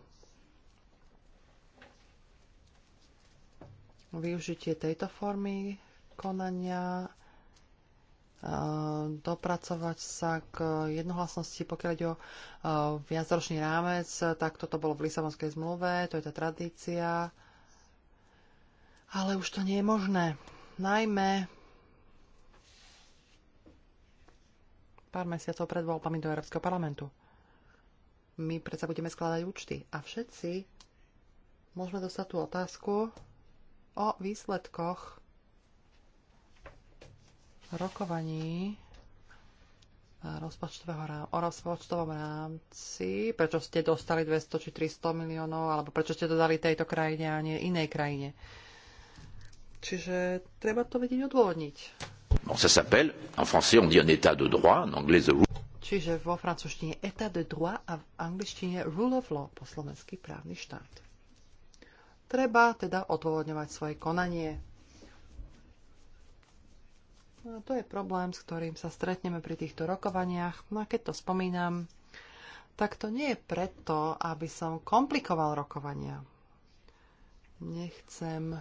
Využitie tejto formy konania dopracovať sa k jednohlasnosti, pokiaľ ide o viacročný rámec, tak toto bolo v Lisabonskej zmluve, to je tá tradícia. Ale už to nie je možné. Najmä pár mesiacov pred voľbami do Európskeho parlamentu. My predsa budeme skladať účty a všetci môžeme dostať tú otázku o výsledkoch rokovaní eh, rozpočtového, o rozpočtovom rámci, prečo ste dostali 200 či 300 miliónov, alebo prečo ste to dali tejto krajine a nie inej krajine. Čiže treba to vedieť odôvodniť. No, ça s'appelle, en français on dit un état de droit, en anglais the rule. Čiže vo francúzštine état de droit a v angličtine rule of law, po slovenský právny štát. Treba teda odôvodňovať svoje konanie. No, to je problém, s ktorým sa stretneme pri týchto rokovaniach. No a keď to spomínam, tak to nie je preto, aby som komplikoval rokovania. Nechcem uh,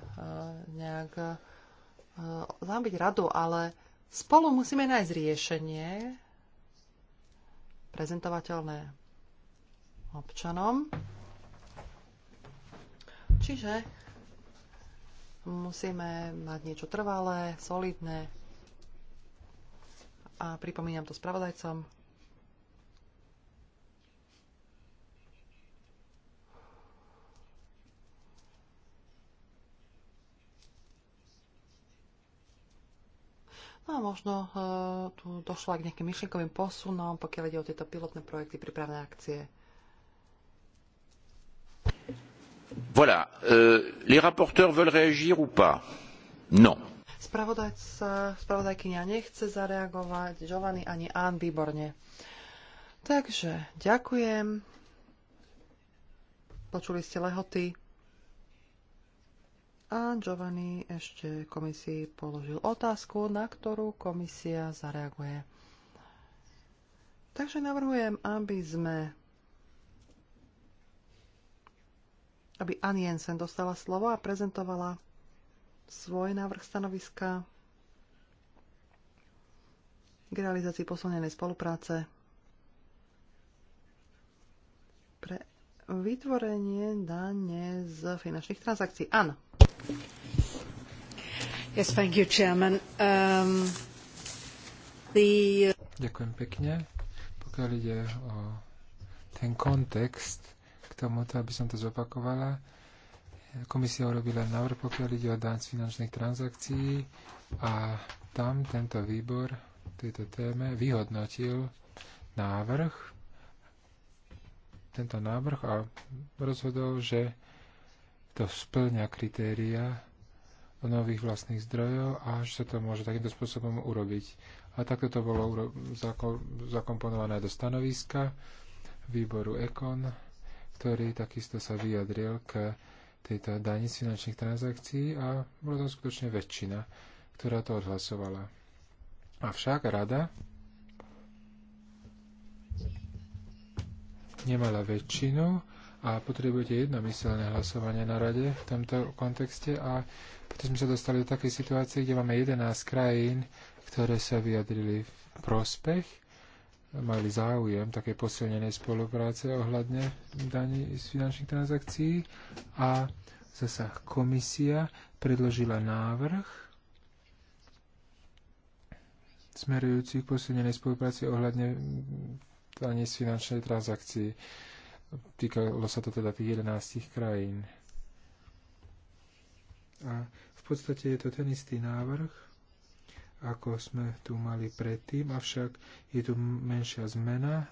nejak uh, e, zábiť radu, ale spolu musíme nájsť riešenie prezentovateľné občanom. Čiže musíme mať niečo trvalé, solidné, a pripomínam to spravodajcom. No a možno uh, tu došlo aj k nejakým myšlienkovým posunom, pokiaľ ide o tieto pilotné projekty, prípravné akcie. Voilà. Euh, les rapporteurs veulent réagir ou pas Non. Spravodajca, spravodajkynia nechce zareagovať, Giovanni ani Ann, výborne. Takže ďakujem. Počuli ste lehoty. A Giovanni ešte komisii položil otázku, na ktorú komisia zareaguje. Takže navrhujem, aby sme aby Ann Jensen dostala slovo a prezentovala svoj návrh stanoviska k realizácii posilnenej spolupráce pre vytvorenie dane z finančných transakcií. Áno. Yes, thank you, Chairman. Um, the... Uh, Ďakujem pekne. Pokiaľ ide o ten kontext k tomuto, aby som to zopakovala, Komisia urobila návrh, pokiaľ ide o daň z finančných transakcií a tam tento výbor tejto téme vyhodnotil návrh, tento návrh a rozhodol, že to splňa kritéria nových vlastných zdrojov a že sa to môže takýmto spôsobom urobiť. A takto to bolo zakomponované do stanoviska výboru EKON, ktorý takisto sa vyjadril k tejto daní z finančných transakcií a bola tam skutočne väčšina, ktorá to odhlasovala. Avšak rada nemala väčšinu a potrebujete jednomyselné hlasovanie na rade v tomto kontexte a preto sme sa dostali do takej situácie, kde máme 11 krajín, ktoré sa vyjadrili v prospech mali záujem také posilnenej spolupráce ohľadne daní z finančných transakcií a zasa komisia predložila návrh smerujúci k posilnenej spolupráci ohľadne daní z finančnej transakcií. Týkalo sa to teda tých 11 krajín. A v podstate je to ten istý návrh, ako sme tu mali predtým, avšak je tu menšia zmena,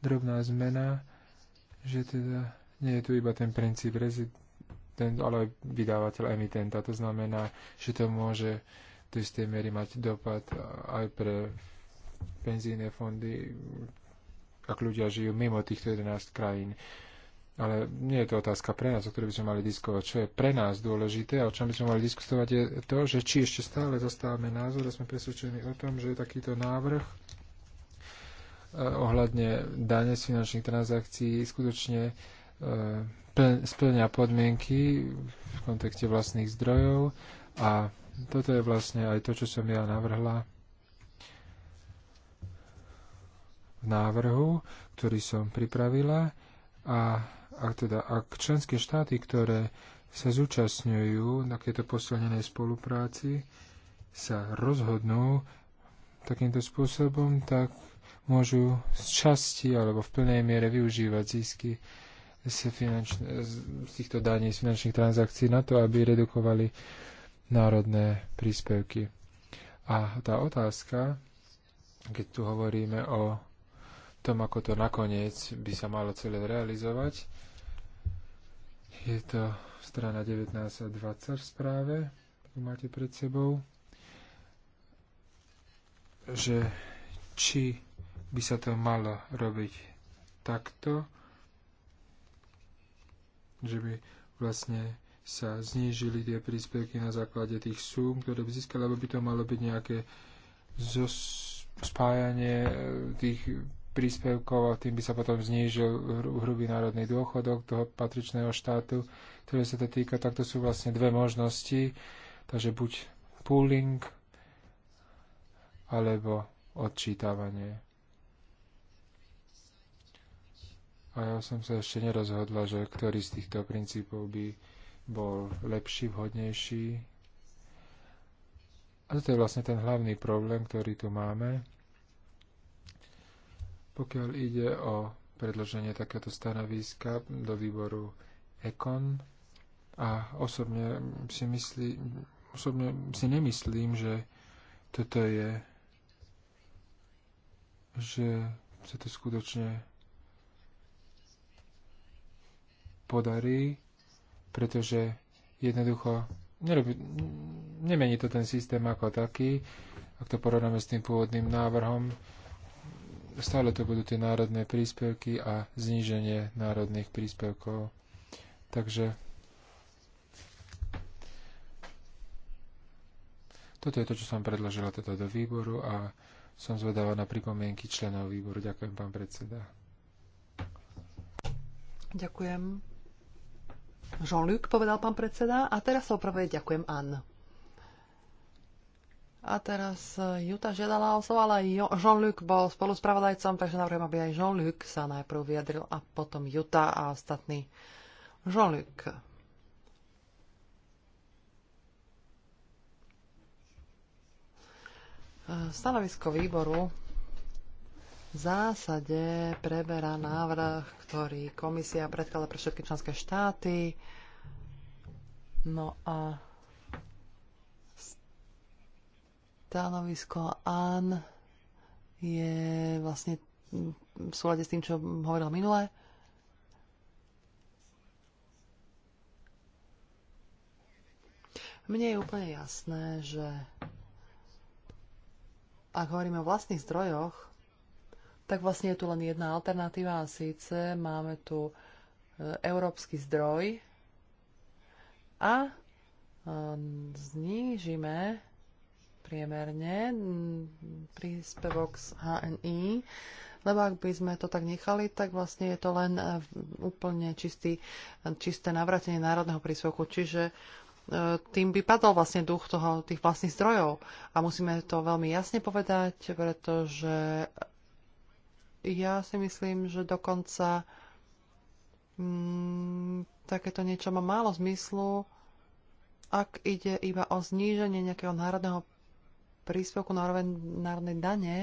drobná zmena, že teda nie je tu iba ten princíp rezident, ale aj vydávateľ emitenta. To znamená, že to môže do istej miery mať dopad aj pre penzíne fondy, ak ľudia žijú mimo týchto 11 krajín ale nie je to otázka pre nás, o ktorej by sme mali diskutovať. Čo je pre nás dôležité a o čom by sme mali diskutovať je to, že či ešte stále zastávame názor a sme presvedčení o tom, že je takýto návrh eh, ohľadne dane z finančných transakcií skutočne eh, splňa podmienky v kontekste vlastných zdrojov a toto je vlastne aj to, čo som ja navrhla v návrhu, ktorý som pripravila a ak, teda, ak členské štáty, ktoré sa zúčastňujú na tejto posilnenej spolupráci, sa rozhodnú takýmto spôsobom, tak môžu z časti alebo v plnej miere využívať zisky z, finančne, z týchto daní z finančných transakcií na to, aby redukovali národné príspevky. A tá otázka, keď tu hovoríme o tom, ako to nakoniec by sa malo celé realizovať, je to strana 19 a 20 v správe, ktorú máte pred sebou, že či by sa to malo robiť takto, že by vlastne sa znížili tie príspevky na základe tých súm, ktoré by získali, alebo by to malo byť nejaké zospájanie eh, tých príspevkov a tým by sa potom znížil hrubý národný dôchodok toho patričného štátu, ktoré sa to týka. Takto sú vlastne dve možnosti. Takže buď pooling alebo odčítavanie. A ja som sa ešte nerozhodla, že ktorý z týchto princípov by bol lepší, vhodnejší. A toto je vlastne ten hlavný problém, ktorý tu máme. Pokiaľ ide o predloženie takéto stanoviska do výboru ECON a osobne si myslí, osobne si nemyslím, že toto je že sa to skutočne podarí, pretože jednoducho nerobí, nemení to ten systém ako taký, ak to porovnáme s tým pôvodným návrhom, stále to budú tie národné príspevky a zníženie národných príspevkov. Takže toto je to, čo som predložila teda do výboru a som zvedavá na pripomienky členov výboru. Ďakujem, pán predseda. Ďakujem. Jean-Luc, povedal pán predseda. A teraz sa opravuje ďakujem Anne. A teraz eh, Juta žiadala o slovo, ale Jean-Luc bol spoluspravodajcom, takže navrhujem, aby aj Jean-Luc sa najprv vyjadril a potom Juta a ostatný Jean-Luc. Eh, stanovisko výboru v zásade preberá návrh, ktorý komisia predkladá pre všetky členské štáty. No a Stanovisko AN je vlastne v súlade s tým, čo hovoril minule. Mne je úplne jasné, že ak hovoríme o vlastných zdrojoch, tak vlastne je tu len jedna alternatíva a síce máme tu e, európsky zdroj a e, znížime priemerne príspevok z HNI, lebo ak by sme to tak nechali, tak vlastne je to len e, úplne čistý, čisté navratenie národného príspevku, čiže e, tým by padol vlastne duch toho, tých vlastných zdrojov. A musíme to veľmi jasne povedať, pretože ja si myslím, že dokonca mm, takéto niečo má málo zmyslu, ak ide iba o zníženie nejakého národného príspevku na národnej dane,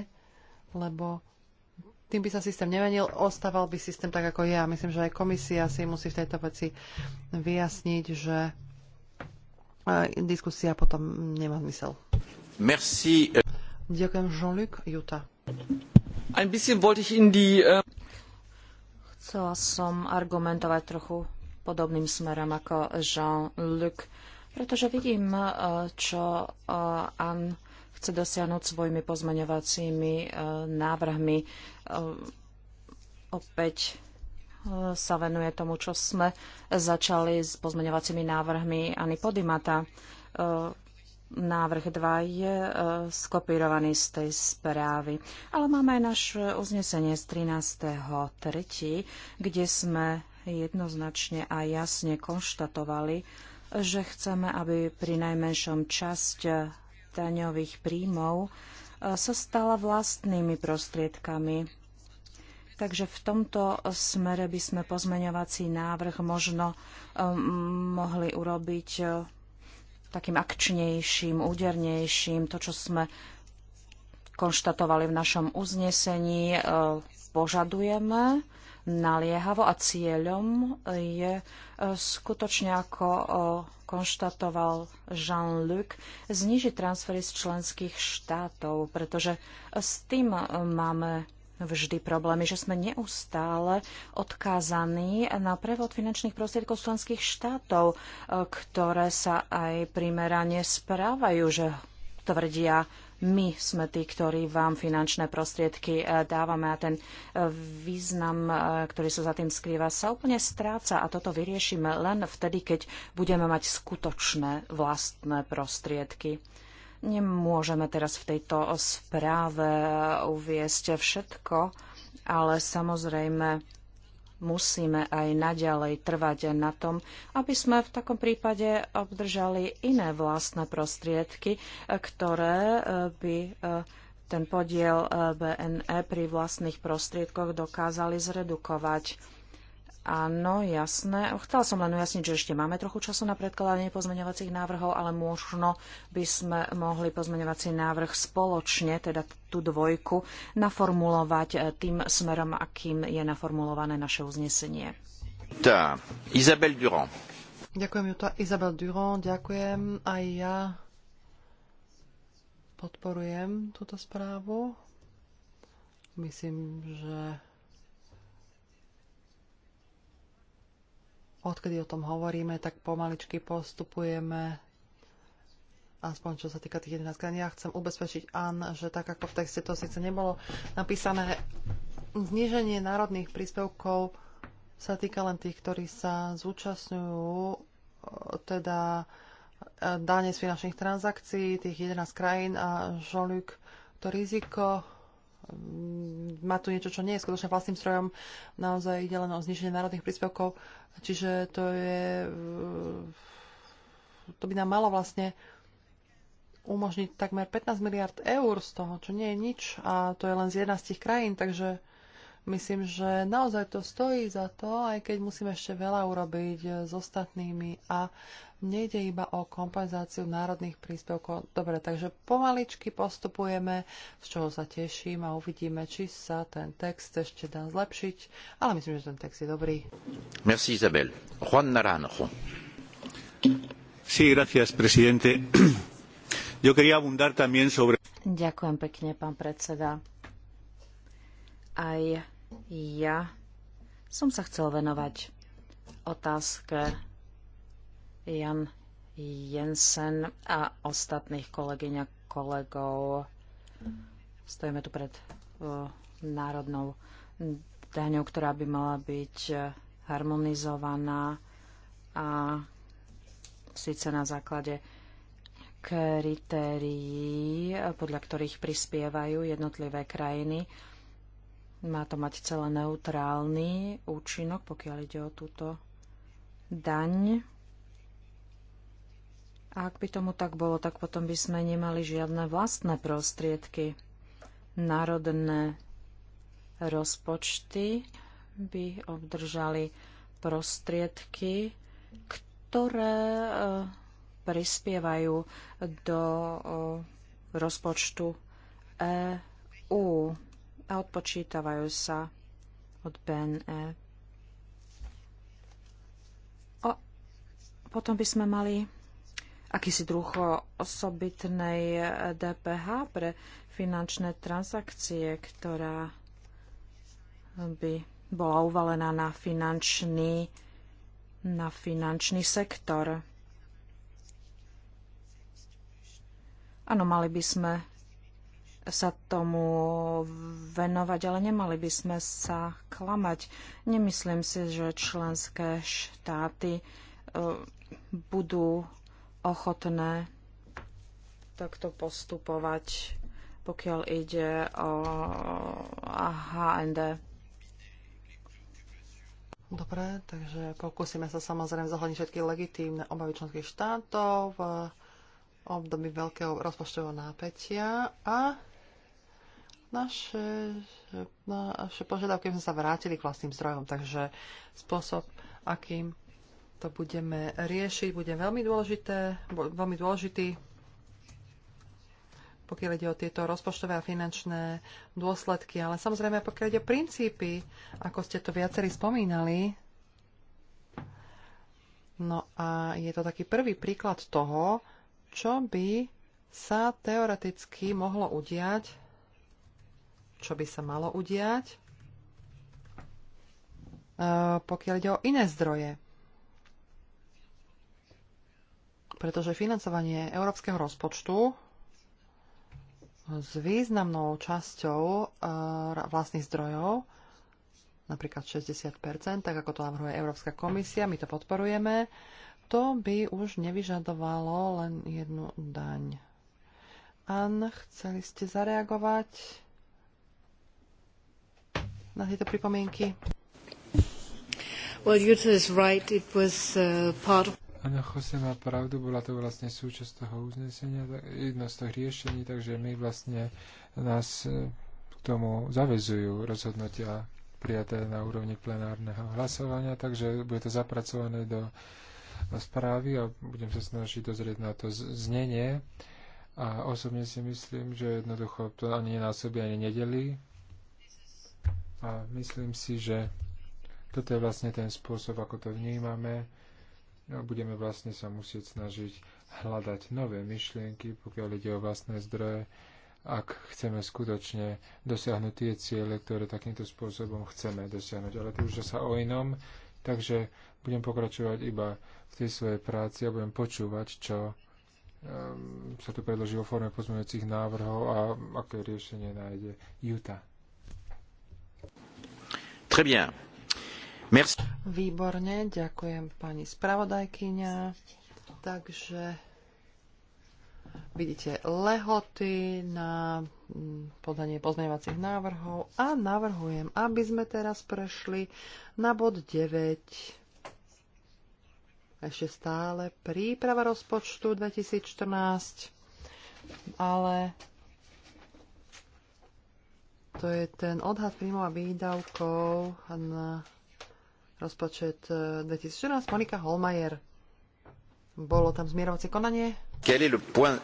lebo tým by sa systém nemenil, ostával by systém tak, ako je. A myslím, že aj komisia si musí v tejto veci vyjasniť, že e, diskusia potom nemá zmysel. Merci. Ďakujem, Jean-Luc Juta. Ein bisschen wollte ich in die... Uh... Chcela som argumentovať trochu podobným smerom ako Jean-Luc, pretože vidím, e, čo e, Anne chce dosiahnuť svojimi pozmeňovacími e, návrhmi. E, opäť e, sa venuje tomu, čo sme začali s pozmeňovacími návrhmi Ani Podimata. Návrh 2 je skopírovaný z tej správy. Ale máme aj naše uznesenie z 13.3., kde sme jednoznačne a jasne konštatovali, že chceme, aby pri najmenšom časť daňových príjmov e, sa stala vlastnými prostriedkami. Takže v tomto smere by sme pozmeňovací návrh možno e, mohli urobiť e, takým akčnejším, údernejším. To, čo sme konštatovali v našom uznesení, požadujeme naliehavo a cieľom je skutočne ako konštatoval Jean-Luc, zniží transfery z členských štátov, pretože s tým e, máme vždy problémy, že sme neustále odkázaní na prevod finančných prostriedkov členských štátov, e, ktoré sa aj primerane správajú, že tvrdia my sme tí, ktorí vám finančné prostriedky e, dávame a ten e, význam, e, ktorý sa za tým skrýva, sa úplne stráca a toto vyriešime len vtedy, keď budeme mať skutočné vlastné prostriedky. Nemôžeme teraz v tejto správe uviesť všetko, ale samozrejme musíme aj naďalej trvať na tom, aby sme v takom prípade obdržali iné vlastné prostriedky, ktoré e, by e, ten podiel BNE e pri vlastných prostriedkoch dokázali zredukovať. Áno, jasné. Chcela som len ujasniť, že ešte máme trochu času na predkladanie pozmeňovacích návrhov, ale možno by sme mohli pozmeňovací návrh spoločne, teda tú dvojku, naformulovať eh, tým smerom, akým je naformulované naše uznesenie. Tá, Isabel Durand. Ďakujem, Juta. Isabel Durand, ďakujem. Aj ja podporujem túto správu. Myslím, že odkedy o tom hovoríme, tak pomaličky postupujeme aspoň čo sa týka tých 11 krajín. Ja chcem ubezpečiť Ann, že tak ako v texte to síce nebolo napísané, zníženie národných príspevkov sa týka len tých, ktorí sa zúčastňujú teda e, dane z finančných transakcií, tých 11 krajín a Žolík to riziko má tu niečo, čo nie je skutočne vlastným strojom, naozaj ide len o zniženie národných príspevkov, čiže to je e, to by nám malo vlastne umožniť takmer 15 miliard eur z toho, čo nie je nič a to je len z jedna z tých krajín, takže Myslím, že naozaj to stojí za to, aj keď musíme ešte veľa urobiť eh, s ostatnými a nejde iba o kompenzáciu národných príspevkov. Dobre, takže pomaličky postupujeme, z čoho sa teším a uvidíme, či sa ten text ešte dá zlepšiť, ale myslím, že ten text je dobrý. Merci Isabel. Juan Naranjo. Sí, gracias, presidente. Yo quería abundar también sobre... Ďakujem pekne, pán predseda aj ja som sa chcel venovať otázke Jan Jensen a ostatných kolegyň a kolegov. Stojíme tu pred uh, národnou daňou, ktorá by mala byť e, harmonizovaná a síce na základe kritérií, podľa ktorých prispievajú jednotlivé krajiny má to mať celé neutrálny účinok, pokiaľ ide o túto daň. A ak by tomu tak bolo, tak potom by sme nemali žiadne vlastné prostriedky. Národné rozpočty by obdržali prostriedky, ktoré eh, prispievajú do eh, rozpočtu EÚ a odpočítavajú sa od BNE. O, potom by sme mali akýsi druh osobitnej DPH eh, pre finančné transakcie, ktorá by bola uvalená na finančný, na finančný sektor. Áno, mali by sme sa tomu venovať, ale nemali by sme sa klamať. Nemyslím si, že členské štáty e, budú ochotné takto postupovať, pokiaľ ide o HND. Dobre, takže pokúsime sa samozrejme zohľadniť všetky legitímne obavy členských štátov v období veľkého rozpočtového nápetia a naše, naše požiadavky sme sa vrátili k vlastným zdrojom, takže spôsob, akým to budeme riešiť, bude veľmi, dôležité, veľmi dôležitý, pokiaľ ide o tieto rozpočtové a finančné dôsledky, ale samozrejme, pokiaľ ide o princípy, ako ste to viacerí spomínali, no a je to taký prvý príklad toho, čo by sa teoreticky mohlo udiať, čo by sa malo udiať, e, pokiaľ ide o iné zdroje. Pretože financovanie európskeho rozpočtu s významnou časťou e, vlastných zdrojov, napríklad 60%, tak ako to navrhuje Európska komisia, my to podporujeme, to by už nevyžadovalo len jednu daň. An, chceli ste zareagovať? na tieto pripomienky? Well, Jutta is right. It was uh, part of... Áno, Jose má pravdu, bola to vlastne súčasť toho uznesenia, jedno z tých riešení, takže my vlastne nás e, k tomu zavezujú rozhodnutia prijaté na úrovni plenárneho hlasovania, takže bude to zapracované do správy a budem sa snažiť dozrieť na to znenie. A osobne si myslím, že jednoducho to ani nenásobí, ani nedelí a myslím si, že toto je vlastne ten spôsob, ako to vnímame. No, budeme vlastne sa musieť snažiť hľadať nové myšlienky, pokiaľ ide o vlastné zdroje, ak chceme skutočne dosiahnuť tie ciele, ktoré takýmto spôsobom chceme dosiahnuť. Ale to už sa o inom, takže budem pokračovať iba v tej svojej práci a budem počúvať, čo um, sa tu predloží vo forme pozmeňujúcich návrhov a aké riešenie nájde Juta. Výborne, ďakujem pani spravodajkyňa. Takže vidíte lehoty na mm, podanie pozmeňovacích návrhov a navrhujem, aby sme teraz prešli na bod 9 ešte stále príprava rozpočtu 2014, ale to je ten odhad príjmov a výdavkov na rozpočet 2014. E, Monika Holmajer. Bolo tam zmierovacie konanie? Quel est le point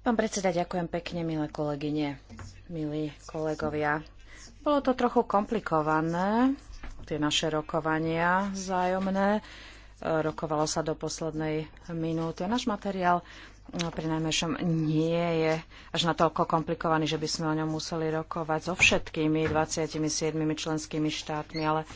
Pán predseda, ďakujem pekne, milé kolegyne, milí kolegovia. Bolo to trochu komplikované, tie naše rokovania vzájomné. E, rokovalo sa do poslednej minúty. Náš materiál No, pri najmenšom nie je až natoľko komplikovaný, že by sme o ňom museli rokovať so všetkými 27 členskými štátmi, ale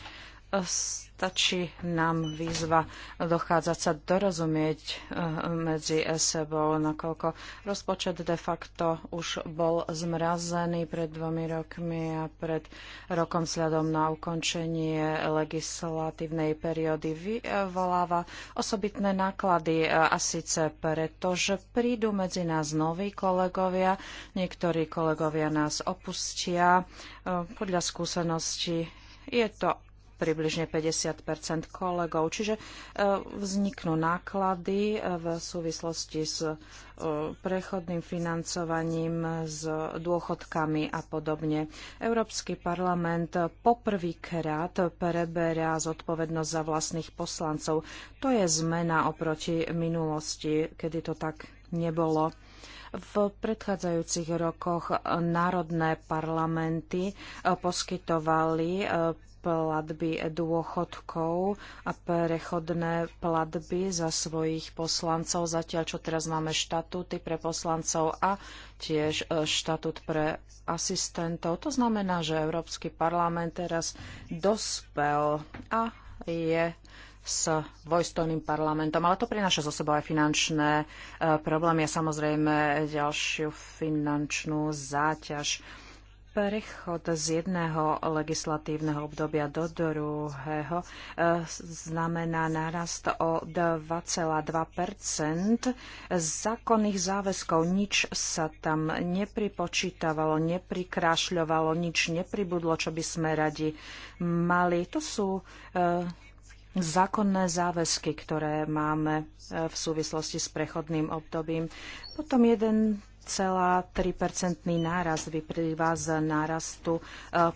s stačí nám výzva dochádzať sa dorozumieť eh, medzi sebou, nakoľko rozpočet de facto už bol zmrazený pred dvomi rokmi a pred rokom sľadom na ukončenie legislatívnej periódy vyvoláva osobitné náklady eh, a síce preto, že prídu medzi nás noví kolegovia, niektorí kolegovia nás opustia. Eh, podľa skúseností je to približne 50 kolegov. Čiže e, vzniknú náklady e, v súvislosti s e, prechodným financovaním, s dôchodkami a podobne. Európsky parlament poprvýkrát preberá zodpovednosť za vlastných poslancov. To je zmena oproti minulosti, kedy to tak nebolo. V predchádzajúcich rokoch národné parlamenty poskytovali platby dôchodkov a prechodné platby za svojich poslancov, zatiaľ čo teraz máme štatúty pre poslancov a tiež e, štatút pre asistentov. To znamená, že Európsky parlament teraz dospel a je s vojstovným parlamentom, ale to prináša zo sebou aj finančné e, problémy a samozrejme ďalšiu finančnú záťaž. Prechod z jedného legislatívneho obdobia do druhého eh, znamená nárast o 2,2 zákonných záväzkov. Nič sa tam nepripočítavalo, neprikrášľovalo, nič nepribudlo, čo by sme radi mali. To sú eh, zákonné záväzky, ktoré máme eh, v súvislosti s prechodným obdobím. Potom jeden 3,3-percentný nárast vyplýva z nárastu e,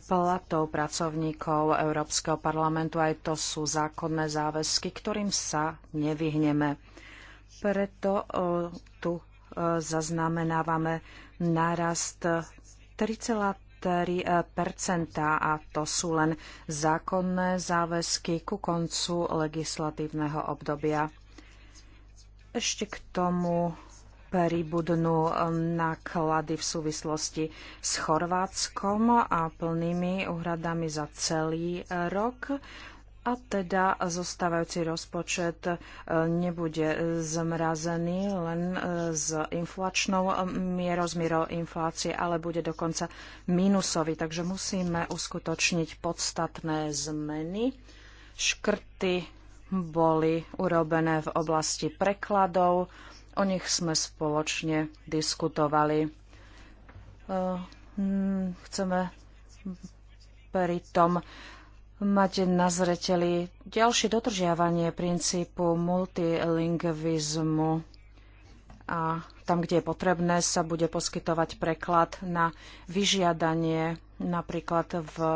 platov pracovníkov Európskeho parlamentu. Aj to sú zákonné záväzky, ktorým sa nevyhneme. Preto e, tu e, zaznamenávame nárast 3,3 a to sú len zákonné záväzky ku koncu legislatívneho obdobia. Ešte k tomu pribudnú um, náklady v súvislosti s Chorvátskom a plnými uhradami za celý rok a teda zostávajúci rozpočet uh, nebude zmrazený len uh, s inflačnou um, mierou, s mierou inflácie, ale bude dokonca minusový. Takže musíme uskutočniť podstatné zmeny. Škrty boli urobené v oblasti prekladov, O nich sme spoločne diskutovali. E, hm, chceme pri tom mať na zreteli ďalšie dodržiavanie princípu multilingvizmu a tam, kde je potrebné, sa bude poskytovať preklad na vyžiadanie napríklad v e,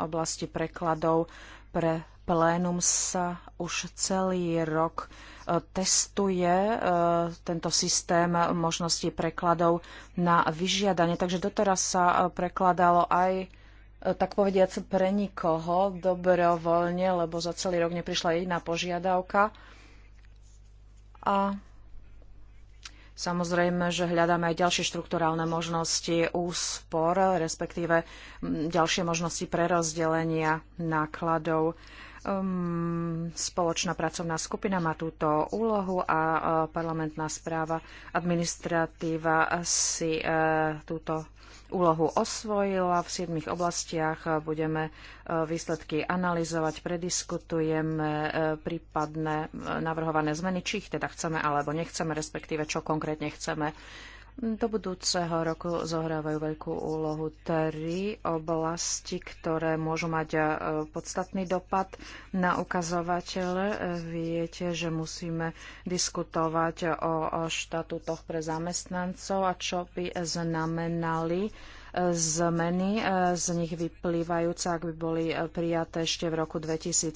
oblasti prekladov pre plénum sa už celý rok uh, testuje e, tento systém možností prekladov na vyžiadanie. Takže doteraz sa e, prekladalo aj e, tak povediac pre nikoho dobrovoľne, lebo za celý rok neprišla jediná požiadavka. A Samozrejme, že hľadáme aj ďalšie štrukturálne možnosti úspor, respektíve ďalšie možnosti prerozdelenia nákladov. Um, spoločná pracovná skupina má túto úlohu a uh, parlamentná správa administratíva si uh, túto úlohu osvojila v siedmich oblastiach. Budeme e, výsledky analyzovať, prediskutujeme prípadné navrhované zmeny, či ich teda chceme alebo nechceme, respektíve čo konkrétne chceme do budúceho roku zohrávajú veľkú úlohu tri oblasti, ktoré môžu mať e, podstatný dopad na ukazovatele. E, viete, že musíme diskutovať o štatútoch pre zamestnancov a čo by znamenali e, zmeny z nich vyplývajúce, ak by boli prijaté ešte v roku 2013.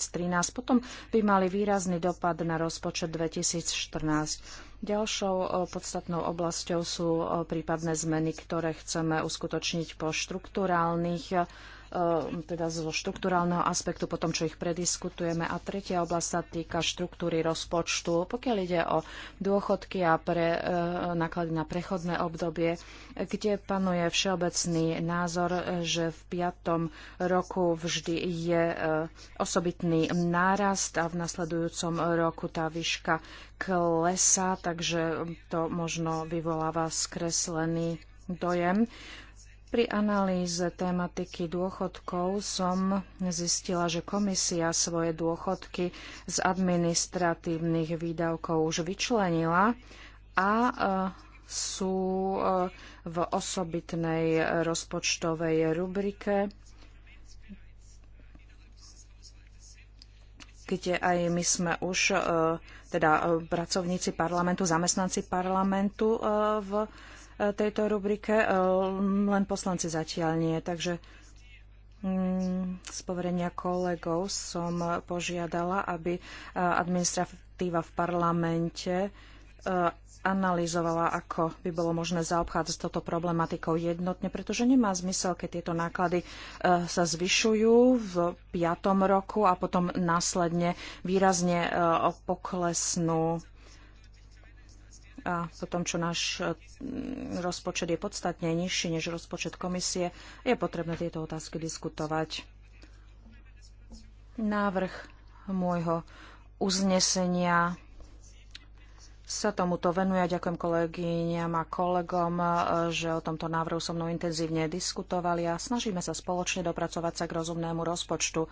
Potom by mali výrazný dopad na rozpočet 2014. Ďalšou e, podstatnou oblasťou sú e, prípadné zmeny, ktoré chceme uskutočniť po štruktúrálnych Ehm, teda zo štruktúrálneho aspektu, potom, čo ich prediskutujeme. A tretia oblasť sa týka štruktúry rozpočtu. Pokiaľ ide o dôchodky a pre, e, náklady na prechodné obdobie, kde panuje všeobecný názor, že v piatom roku vždy je e, osobitný nárast a v nasledujúcom roku tá výška klesá, takže to možno vyvoláva skreslený dojem. Pri analýze tematiky dôchodkov som zistila, že komisia svoje dôchodky z administratívnych výdavkov už vyčlenila a e, sú e, v osobitnej rozpočtovej rubrike, kde aj my sme už, e, teda pracovníci parlamentu, zamestnanci parlamentu v tejto rubrike, e, len poslanci zatiaľ nie. Takže mm, z poverenia kolegov som požiadala, aby e, administratíva v parlamente e, analyzovala, ako by bolo možné zaobchádzať s touto problematikou jednotne, pretože nemá zmysel, keď tieto náklady sa zvyšujú v piatom roku a potom následne výrazne poklesnú a potom, čo náš e, rozpočet je podstatne nižší než rozpočet komisie, je potrebné tieto otázky diskutovať. Návrh môjho uznesenia sa tomuto venuje. Ďakujem kolegyňam a kolegom, e, že o tomto návrhu so mnou intenzívne diskutovali a snažíme sa spoločne dopracovať sa k rozumnému rozpočtu.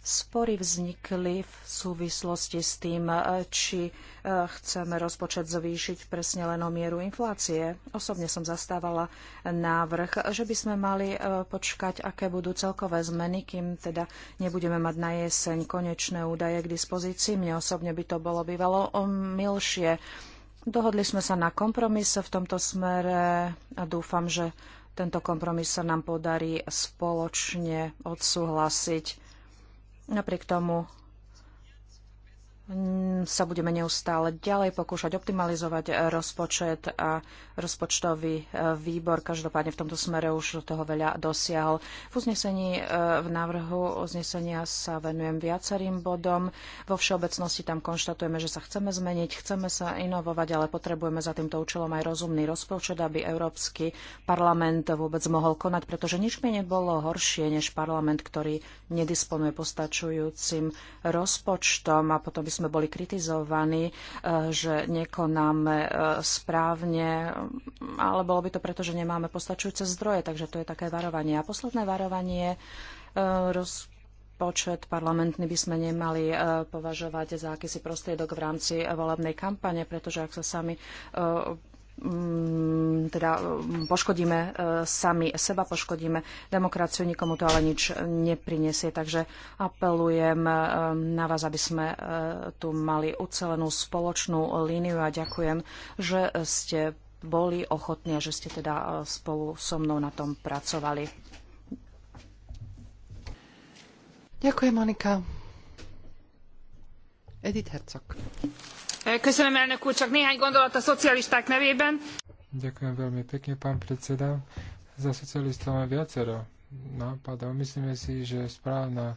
Spory vznikli v súvislosti s tým, e, či e, chceme rozpočet zvýšiť presne len o mieru inflácie. Osobne som zastávala návrh, že by sme mali e, počkať, aké budú celkové zmeny, kým teda nebudeme mať na jeseň konečné údaje k dispozícii. Mne osobne by to bolo bývalo milšie. Dohodli sme sa na kompromis v tomto smere a dúfam, že tento kompromis sa nám podarí spoločne odsúhlasiť Napriek tomu Mm, sa budeme neustále ďalej pokúšať optimalizovať eh, rozpočet a rozpočtový eh, výbor. Každopádne v tomto smere už toho veľa dosiahol. V uznesení, eh, v návrhu uznesenia sa venujem viacerým bodom. Vo všeobecnosti tam konštatujeme, že sa chceme zmeniť, chceme sa inovovať, ale potrebujeme za týmto účelom aj rozumný rozpočet, aby Európsky parlament vôbec mohol konať, pretože nič mi nebolo horšie než parlament, ktorý nedisponuje postačujúcim rozpočtom a potom by sme boli kritizovaní, e, že nekonáme e, správne, ale bolo by to preto, že nemáme postačujúce zdroje, takže to je také varovanie. A posledné varovanie e, roz počet parlamentný by sme nemali považovať za akýsi prostriedok v rámci volebnej kampane, pretože ak sa sami Mm, teda mm, poškodíme e, sami seba, poškodíme demokraciu, nikomu to ale nič neprinesie. Takže apelujem e, na vás, aby sme e, tu mali ucelenú spoločnú líniu a ďakujem, že ste boli ochotní a že ste teda spolu so mnou na tom pracovali. Ďakujem, Monika. Edith Herzog. Köszönöm, elnök úr, csak néhány gondolat a szocialisták nevében. Ďakujem veľmi pekne, pán predseda. Za socialistov mám viacero nápadov. Myslíme si, že správna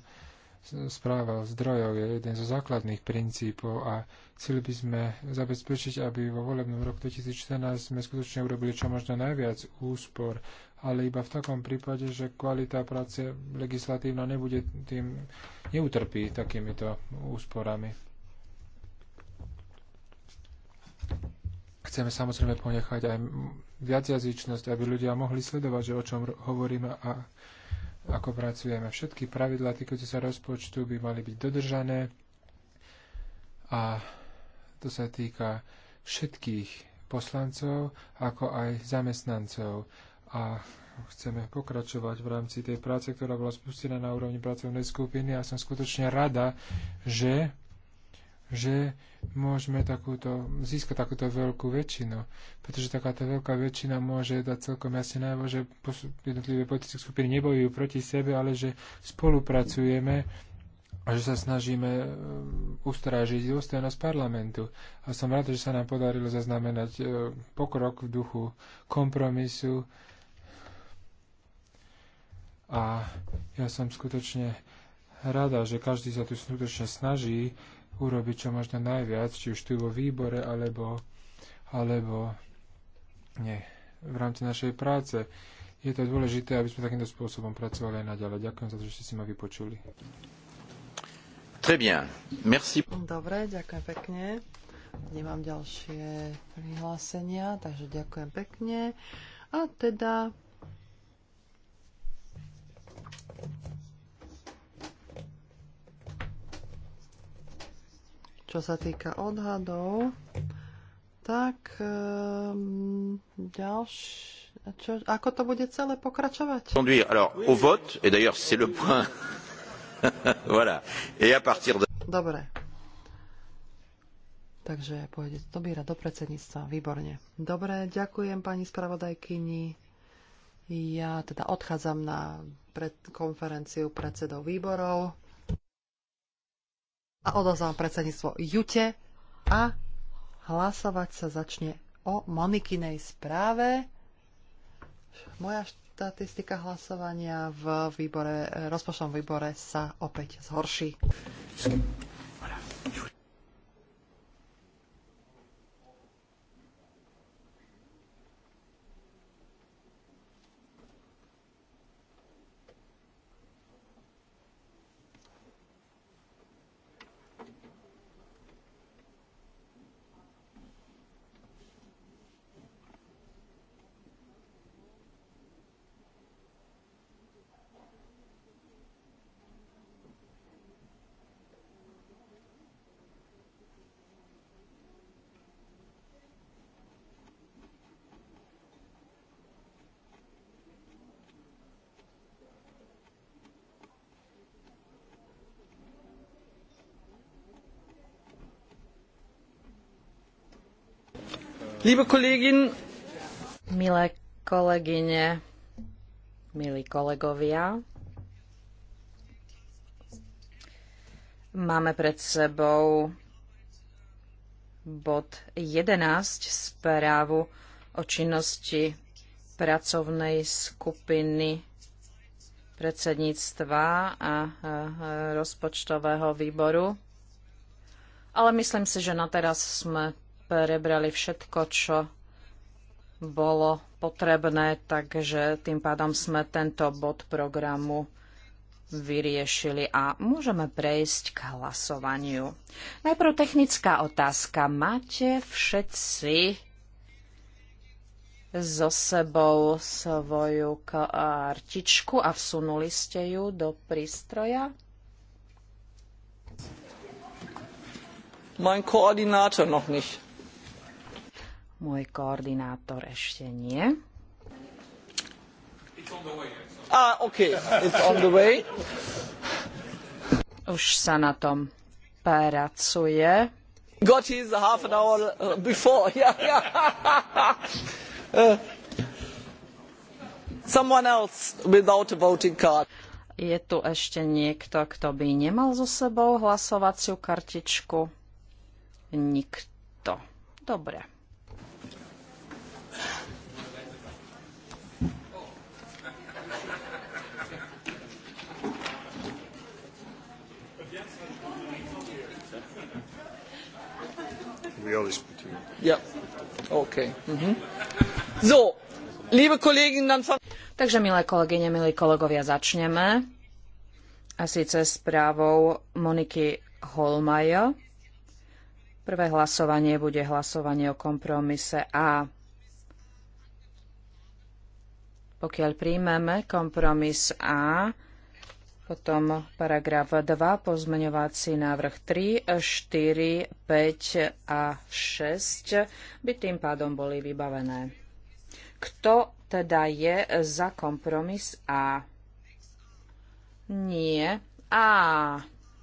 správa zdrojov je jeden zo základných princípov a chceli by sme zabezpečiť, aby vo volebnom roku 2014 sme skutočne urobili čo možno najviac úspor, ale iba v takom prípade, že kvalita práce legislatívna nebude tým, neutrpí takýmito úsporami chceme samozrejme ponechať aj viacjazyčnosť, aby ľudia mohli sledovať, že o čom hovoríme a ako pracujeme. Všetky pravidlá týkajúce sa rozpočtu by mali byť dodržané a to sa týka všetkých poslancov, ako aj zamestnancov. A chceme pokračovať v rámci tej práce, ktorá bola spustená na úrovni pracovnej skupiny. Ja som skutočne rada, že že môžeme takúto, získať takúto veľkú väčšinu. Pretože takáto veľká väčšina môže dať celkom jasne najavo, že jednotlivé politické skupiny nebojujú proti sebe, ale že spolupracujeme a že sa snažíme e, ustrážiť dôstojnosť parlamentu. A som rád, že sa nám podarilo zaznamenať e, pokrok v duchu kompromisu. A ja som skutočne rada, že každý sa tu skutočne snaží urobiť čo možno najviac, či už tu vo výbore, alebo, alebo nie, v rámci našej práce. Je to dôležité, aby sme takýmto spôsobom pracovali aj naďalej. Ďakujem za to, že ste si ma vypočuli. Très bien. Merci. Dobre, ďakujem pekne. Nemám ďalšie prihlásenia, takže ďakujem pekne. A teda Čo sa týka odhadov, tak um, ehm, ďalšie... Čo, ako to bude celé pokračovať? Conduire alors au vote, et d'ailleurs c'est le point. voilà. Et à partir de... Dobre. Takže pôjde to bíra do predsedníctva. Výborne. Dobre, ďakujem pani spravodajkyni. Ja teda odchádzam na pred konferenciu predsedov výborov a odozval predsedníctvo Jute a hlasovať sa začne o Monikinej správe. Moja štatistika hlasovania v výbore, rozpočtovom výbore sa opäť zhorší. Liebe Kollegin, Milé kolegyne, milí kolegovia, máme pred sebou bod 11 správu o činnosti pracovnej skupiny predsedníctva a rozpočtového výboru. Ale myslím si, že na teraz sme prebrali všetko, čo bolo potrebné, takže tým pádom sme tento bod programu vyriešili a môžeme prejsť k hlasovaniu. Najprv technická otázka. Máte všetci so sebou svoju kartičku a vsunuli ste ju do prístroja? Mein Koordinátor noch nicht. Môj koordinátor ešte nie. Ah, okay. It's on the way. Už sa na tom pracuje. Got his half an hour uh, before. Yeah, yeah. Uh, someone else without a voting card. Je tu ešte niekto, kto by nemal so sebou hlasovaciu kartičku? Nikto. Dobre. Mhm. Takže, milé kolegyne, milí kolegovia, začneme. A síce správou Moniky Holmaja. Prvé hlasovanie bude hlasovanie o kompromise A. Pokiaľ príjmeme kompromis A, potom paragraf 2, pozmeňovací návrh 3, 4, 5 a 6 by tým pádom boli vybavené. Kto teda je za kompromis A? Nie. A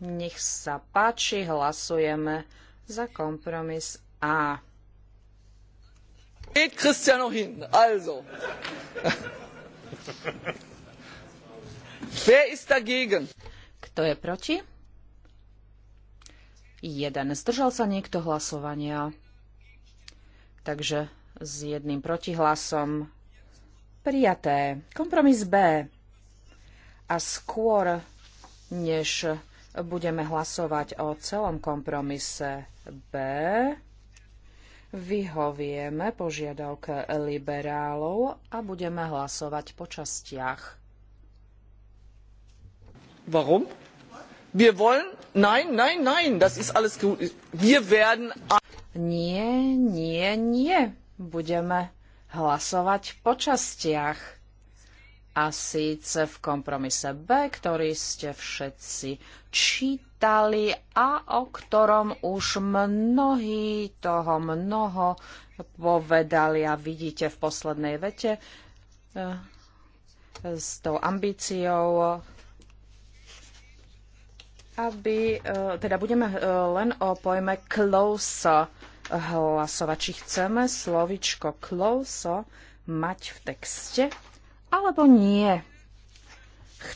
nech sa páči, hlasujeme za kompromis A. Geht Christian noch hin, also. Wer ist dagegen? Kto je proti? Jeden. Zdržal sa niekto hlasovania. Takže s jedným protihlasom prijaté. Kompromis B. A skôr, než budeme hlasovať o celom kompromise B, vyhovieme požiadavke liberálov a budeme hlasovať po častiach warum? wir wollen nein nein nein das ist alles gut wir werden nie nie nie budeme hlasovať po častiach a síce v kompromise B, ktorý ste všetci čítali a o ktorom už mnohí toho mnoho povedali a vidíte v poslednej vete eh, s tou ambíciou aby, e, teda budeme e, len o pojme close hlasovať. Či chceme slovičko close mať v texte, alebo nie.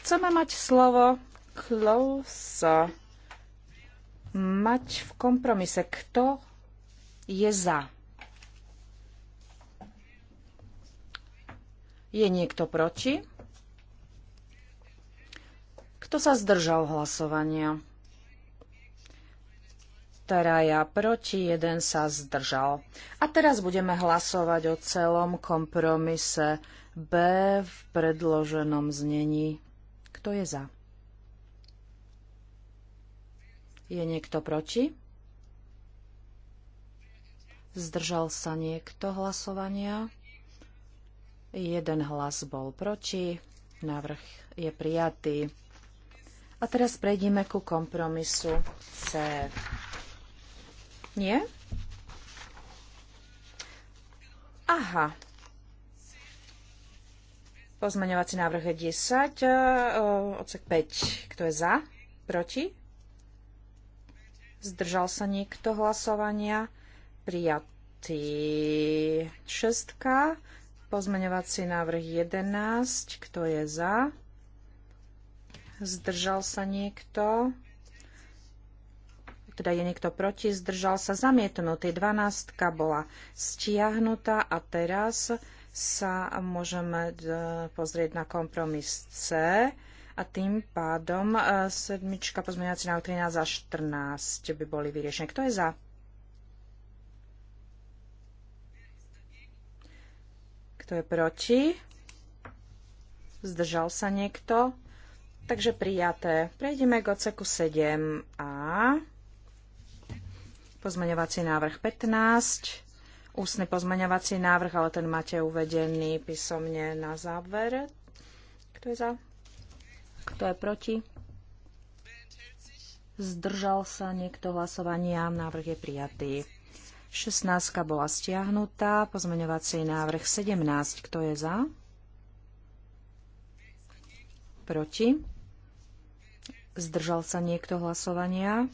Chceme mať slovo close mať v kompromise. Kto je za? Je niekto proti? Kto sa zdržal hlasovania? ja proti, jeden sa zdržal. A teraz budeme hlasovať o celom kompromise B v predloženom znení. Kto je za? Je niekto proti? Zdržal sa niekto hlasovania? Jeden hlas bol proti. Návrh je prijatý. A teraz prejdeme ku kompromisu C. Nie? Aha. Pozmeňovací návrh je 10, e, odsek 5. Kto je za? Proti? Zdržal sa niekto hlasovania? Prijatý. Šestka. Pozmeňovací návrh 11. Kto je za? Zdržal sa niekto? Teda je niekto proti? Zdržal sa zamietnutý. Dvanáctka bola stiahnutá a teraz sa môžeme e, pozrieť na kompromis C a tým pádom e, sedmička pozmeňovací na 13 a 14 by boli vyriešené. Kto je za? Kto je proti? Zdržal sa niekto? Takže prijaté. Prejdeme k odseku 7a. Pozmeňovací návrh 15. Ústny pozmeňovací návrh, ale ten máte uvedený písomne na záver. Kto je za? Kto je proti? Zdržal sa niekto hlasovania. Návrh je prijatý. 16 bola stiahnutá. Pozmeňovací návrh 17. Kto je za? Proti? Zdržal sa niekto hlasovania?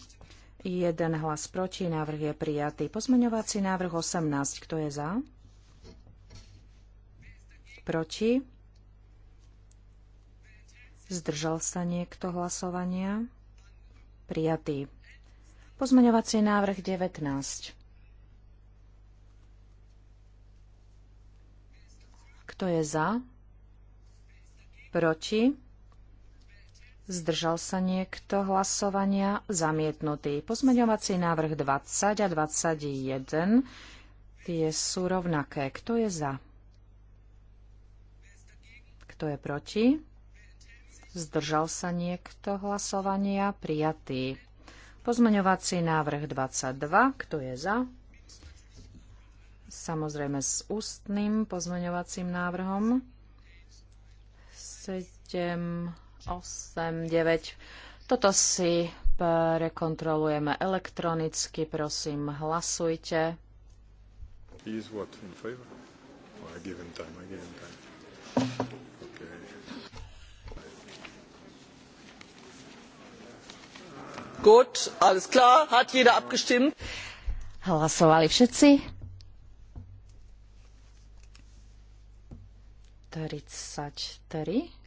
Jeden hlas proti. Návrh je prijatý. Pozmeňovací návrh 18. Kto je za? Proti? Zdržal sa niekto hlasovania? Prijatý. Pozmeňovací návrh 19. Kto je za? Proti? Zdržal sa niekto hlasovania? Zamietnutý. Pozmeňovací návrh 20 a 21. Tie sú rovnaké. Kto je za? Kto je proti? Zdržal sa niekto hlasovania? Prijatý. Pozmeňovací návrh 22. Kto je za? Samozrejme s ústnym pozmeňovacím návrhom. 7 8, 9. Toto si prekontrolujeme elektronicky. Prosím, hlasujte. Oh, Gut, alles klar, hat jeder abgestimmt? Hlasovali všetci? 33.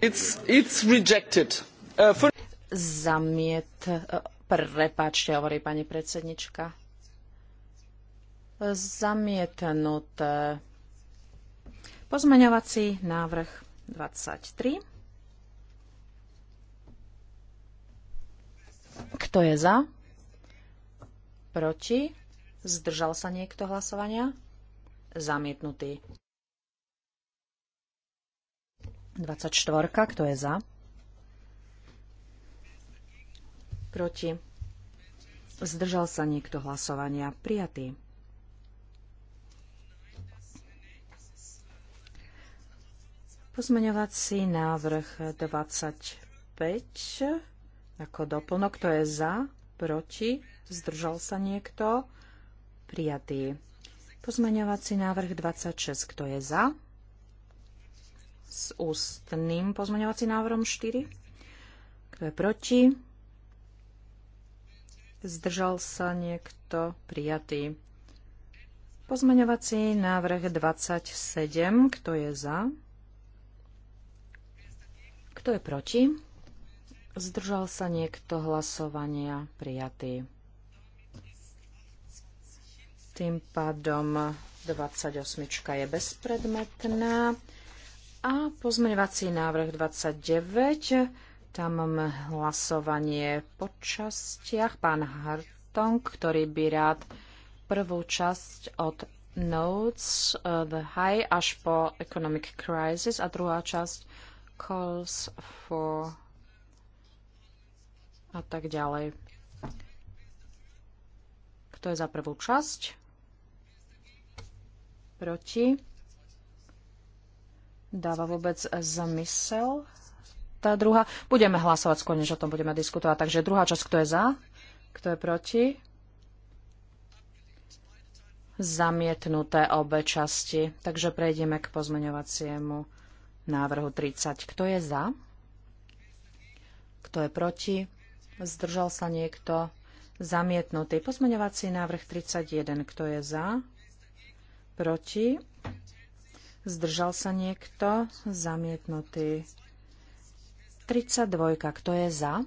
It's, it's rejected. Uh, for... Zamiet. Uh, prepáčte, hovorí pani predsednička. Zamietnuté. Pozmeňovací návrh 23. Kto je za? Proti? Zdržal sa niekto hlasovania? Zamietnutý. 24. Kto je za? Proti. Zdržal sa niekto hlasovania. Prijatý. Pozmeňovací návrh 25 ako doplnok. Kto je za? Proti? Zdržal sa niekto? Prijatý. Pozmeňovací návrh 26. Kto je za? s ústným pozmeňovacím návrhom 4. Kto je proti? Zdržal sa niekto prijatý. Pozmeňovací návrh 27. Kto je za? Kto je proti? Zdržal sa niekto hlasovania prijatý. Tým pádom 28 je bezpredmetná. A pozmeňovací návrh 29, tam máme hlasovanie po častiach. Pán Hartong, ktorý by rád prvú časť od Notes, uh, The High až po Economic Crisis a druhá časť Calls for a tak ďalej. Kto je za prvú časť? Proti? dáva vôbec zmysel tá druhá. Budeme hlasovať skôr, než o tom budeme diskutovať. Takže druhá časť, kto je za, kto je proti. Zamietnuté obe časti. Takže prejdeme k pozmeňovaciemu návrhu 30. Kto je za? Kto je proti? Zdržal sa niekto? Zamietnutý. Pozmeňovací návrh 31. Kto je za? Proti? Zdržal sa niekto? Zamietnutý. 32. Kto je za?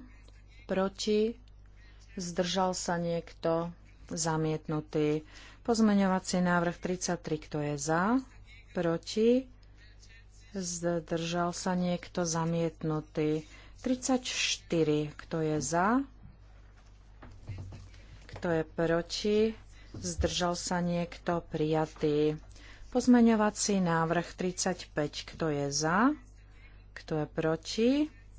Proti? Zdržal sa niekto? Zamietnutý. Pozmeňovací návrh 33. Kto je za? Proti? Zdržal sa niekto? Zamietnutý. 34. Kto je za? Kto je proti? Zdržal sa niekto? Prijatý. Pozmeňovací návrh 35. Kto je za? Kto je proti?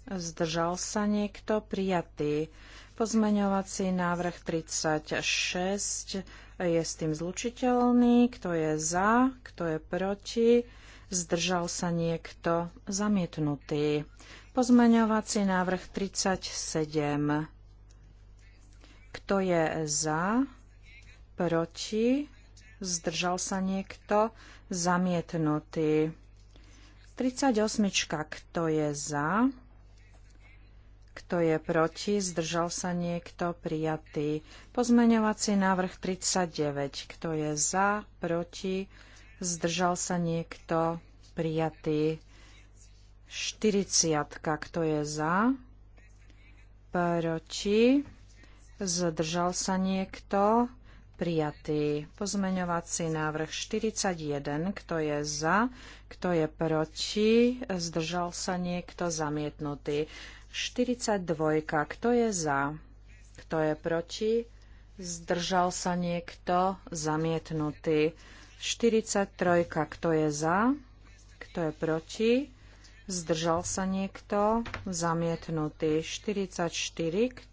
Zdržal sa niekto? Prijatý. Pozmeňovací návrh 36 je s tým zlučiteľný. Kto je za? Kto je proti? Zdržal sa niekto? Zamietnutý. Pozmeňovací návrh 37. Kto je za? Proti? zdržal sa niekto, zamietnutý. 38. Kto je za? Kto je proti? Zdržal sa niekto? Prijatý. Pozmeňovací návrh 39. Kto je za? Proti? Zdržal sa niekto? Prijatý. 40. Kto je za? Proti? Zdržal sa niekto? prijatý. Pozmeňovací návrh 41, kto je za, kto je proti, zdržal sa niekto zamietnutý. 42, kto je za, kto je proti, zdržal sa niekto zamietnutý. 43, kto je za, kto je proti, zdržal sa niekto zamietnutý. 44, kto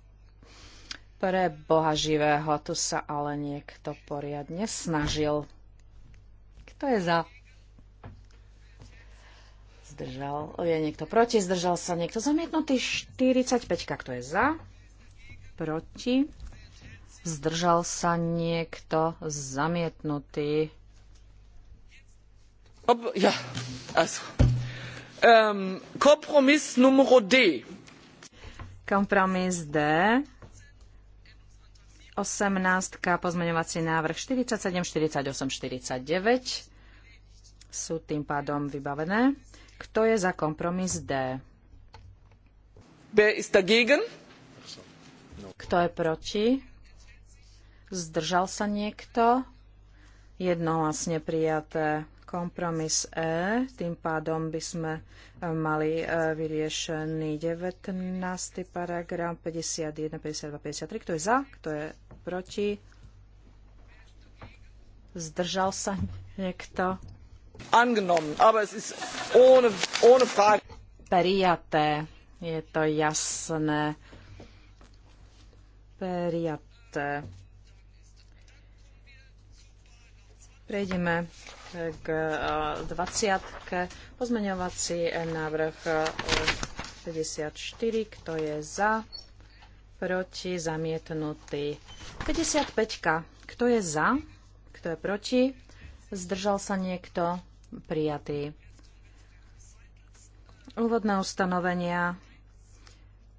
pre Boha živého, tu sa ale niekto poriadne snažil. Kto je za? Zdržal. Je niekto proti, zdržal sa niekto. Zamietnutý 45. Kto je za? Proti. Zdržal sa niekto. Zamietnutý. Ob, ja, also. Um, ähm, kompromis numero D. Kompromis D. 18. Pozmeňovací návrh 47, 48, 49 sú tým pádom vybavené. Kto je za kompromis D? Wer ist dagegen? Kto je proti? Zdržal sa niekto? vlastne prijaté kompromis E. Tým pádom by sme e, mali e, vyriešený 19. paragraf 51, 52, 53. Kto je za? Kto je proti, zdržal sa niekto. Angenommen, aber es ist ohne, ohne Frage. Prijaté, je to jasné. Prijaté. Prejdeme k 20. Eh, Pozmeňovací eh, návrh 54. Eh, Kto je za? proti, zamietnutý. 55. Kto je za? Kto je proti? Zdržal sa niekto? Prijatý. Úvodné ustanovenia.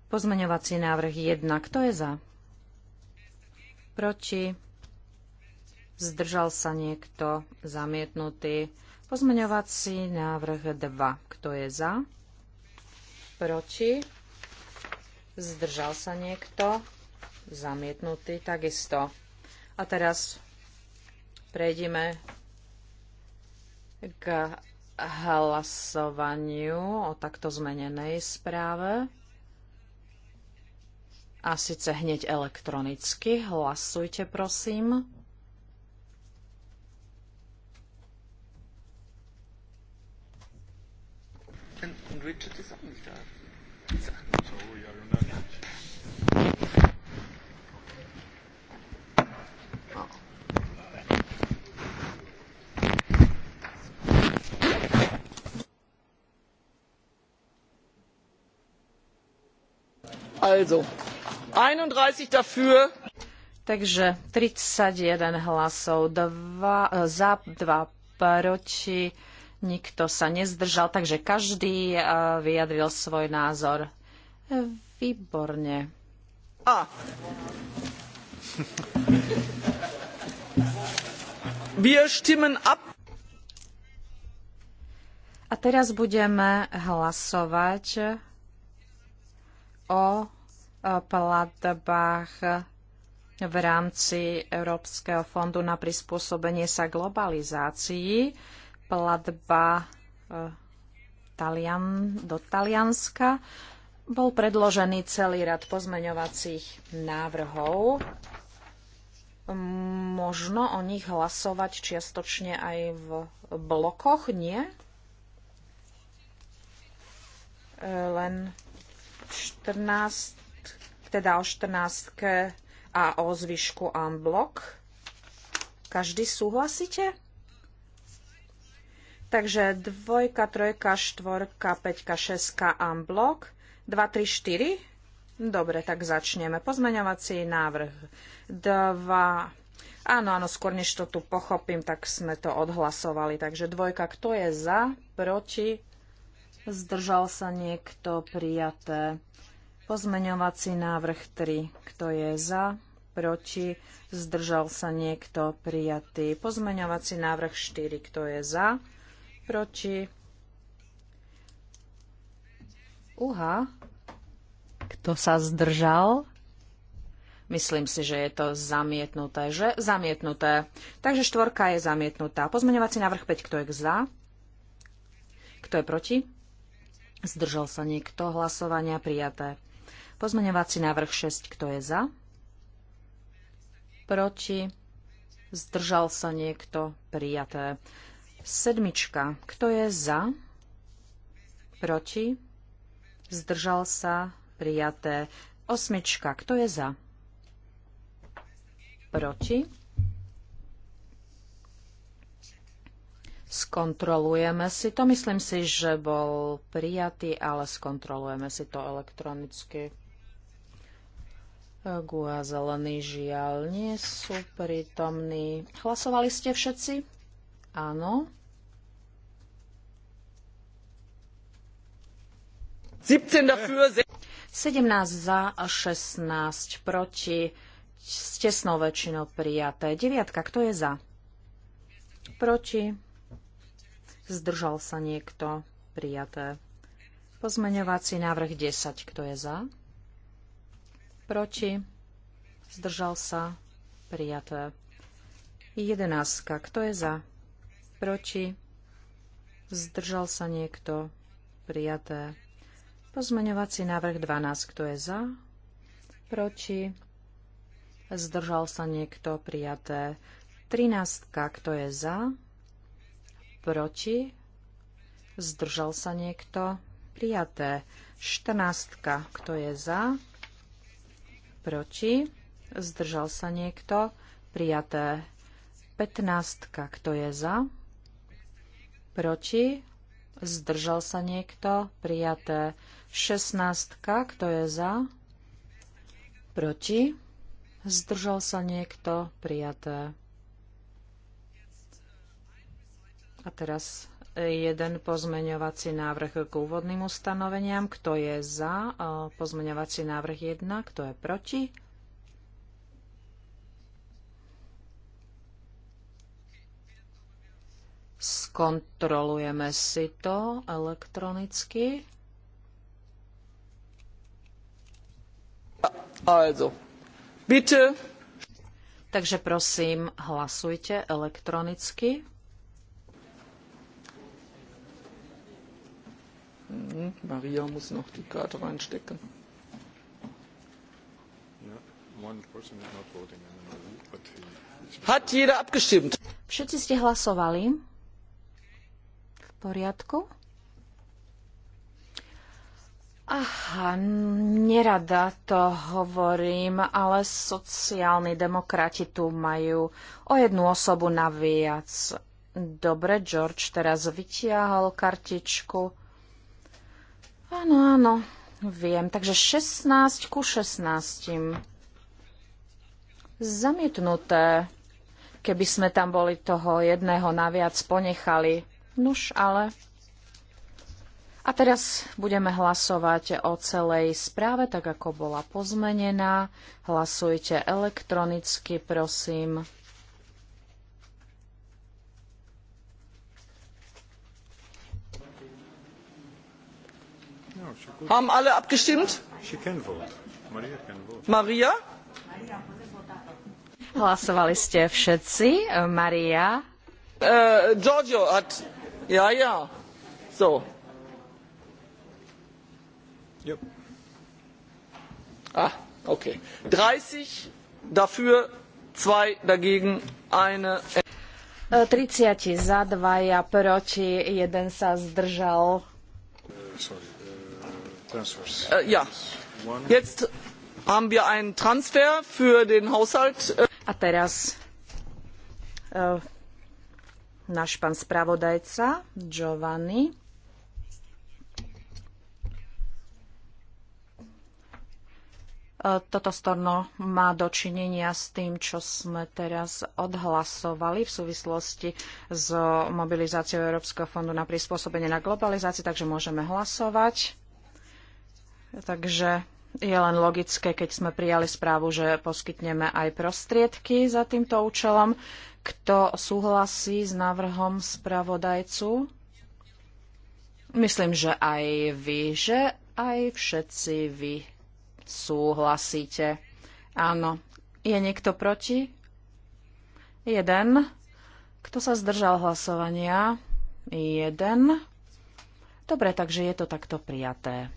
Pozmeňovací návrh 1. Kto je za? Proti? Zdržal sa niekto? Zamietnutý. Pozmeňovací návrh 2. Kto je za? Proti? Zdržal sa niekto? Zamietnutý takisto. A teraz prejdeme k hlasovaniu o takto zmenenej správe. A síce hneď elektronicky. Hlasujte, prosím. And Richard ist auch Also, 31 dafür. Takže 31 hlasov, e, za dva proti, nikto sa nezdržal, takže každý e, vyjadril svoj názor. Výborne. A. Wir stimmen ab. A teraz budeme hlasovať o platbách v rámci Európskeho fondu na prispôsobenie sa globalizácii. Platba e, Talian, do Talianska bol predložený celý rad pozmeňovacích návrhov. Možno o nich hlasovať čiastočne aj v blokoch, nie? E, len 14, teda o 14 a o zvyšku unblock. Každý súhlasíte? Takže dvojka, trojka, štvorka, peťka, šeska unblock. 2, 3, 4. Dobre, tak začneme. Pozmeňovací návrh 2. Áno, áno, skôr než to tu pochopím, tak sme to odhlasovali. Takže dvojka, kto je za, proti, Zdržal sa niekto prijaté. Pozmeňovací návrh 3. Kto je za? Proti? Zdržal sa niekto prijatý. Pozmeňovací návrh 4. Kto je za? Proti? Uha. Kto sa zdržal? Myslím si, že je to zamietnuté, že? Zamietnuté. Takže štvorka je zamietnutá. Pozmeňovací návrh 5. Kto je za? Kto je proti? Zdržal sa niekto hlasovania prijaté. Pozmeňovací návrh 6. Kto je za? Proti? Zdržal sa niekto prijaté. Sedmička. Kto je za? Proti? Zdržal sa prijaté. Osmička. Kto je za? Proti? Skontrolujeme si to. Myslím si, že bol prijatý, ale skontrolujeme si to elektronicky. E, Gua zelený žiaľ nie sú prítomní. Hlasovali ste všetci? Áno. 17 za a 16 proti. S tesnou väčšinou prijaté. Deviatka, kto je za? Proti Zdržal sa niekto? Prijaté. Pozmeňovací návrh 10. Kto je za? Proti? Zdržal sa? Prijaté. 11. Kto je za? Proti? Zdržal sa niekto? Prijaté. Pozmeňovací návrh 12. Kto je za? Proti? Zdržal sa niekto? Prijaté. 13. Kto je za? Proti? Zdržal sa niekto? Prijaté. Štrnáctka, Kto je za? Proti? Zdržal sa niekto? Prijaté. Petnáctka, Kto je za? Proti? Zdržal sa niekto? Prijaté. Šestnáctka, Kto je za? Proti? Zdržal sa niekto? Prijaté. A teraz jeden pozmeňovací návrh k úvodným ustanoveniam. Kto je za pozmeňovací návrh 1? Kto je proti? Skontrolujeme si to elektronicky. Also, bitte. Takže prosím, hlasujte elektronicky. Hm, Maria muss noch die Karte reinstecken. Hat jeder abgestimmt? Všetci ste hlasovali? V poriadku? Aha, nerada to hovorím, ale sociálni demokrati tu majú o jednu osobu naviac. Dobre, George teraz vytiahol kartičku. Áno, áno, viem. Takže 16 ku 16. Zamietnuté. Keby sme tam boli toho jedného naviac ponechali. Nuž, ale... A teraz budeme hlasovať o celej správe, tak ako bola pozmenená. Hlasujte elektronicky, prosím. Haben alle abgestimmt? Maria? Hlasovali ste všetci. Maria? Uh, Giorgio hat... Ja, ja. So. Yep. Ah, okay. 30 dafür, 2 dagegen, eine... 30 äh, za, 2 proti, jeden sa zdržal. Uh, sorry. Transfers. Äh, ja. Jetzt haben wir einen Transfer für den Haushalt. A teraz äh, náš pán spravodajca Giovanni. Äh, toto storno má dočinenia s tým, čo sme teraz odhlasovali v súvislosti s mobilizáciou Európskeho fondu na prispôsobenie na globalizácii, takže môžeme hlasovať. Takže je len logické, keď sme prijali správu, že poskytneme aj prostriedky za týmto účelom. Kto súhlasí s návrhom spravodajcu? Myslím, že aj vy, že aj všetci vy súhlasíte. Áno. Je niekto proti? Jeden. Kto sa zdržal hlasovania? Jeden. Dobre, takže je to takto prijaté.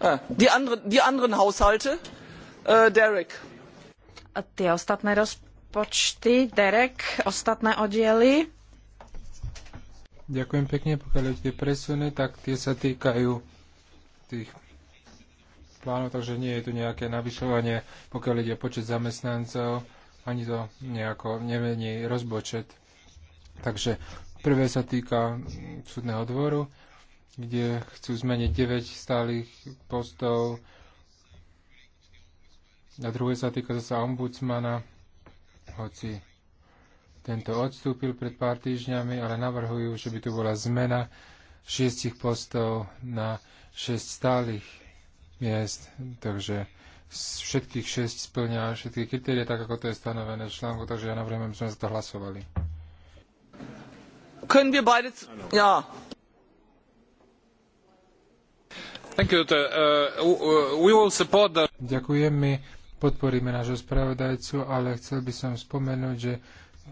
Ah, die anderen, die anderen Haushalte? Äh, Derek. A tie ostatné rozpočty, Derek, ostatné oddiely. Ďakujem pekne, pokiaľ tie presuny, tak tie sa týkajú tých plánov, takže nie je tu nejaké navyšovanie, pokiaľ ide počet zamestnancov, ani to nejako nemení rozpočet. Takže prvé sa týka súdneho dvoru, kde chcú zmeniť 9 stálych postov. A druhé sa týka zase ombudsmana, hoci tento odstúpil pred pár týždňami, ale navrhujú, že by tu bola zmena šiestich postov na 6 stálych miest, takže všetkých šesť splňa všetky kritérie, tak ako to je stanovené v článku, takže ja navrhujem, aby sme za to hlasovali. Können wir beide... Ja. Uh, Ďakujem, my podporíme nášho spravodajcu, ale chcel by som spomenúť, že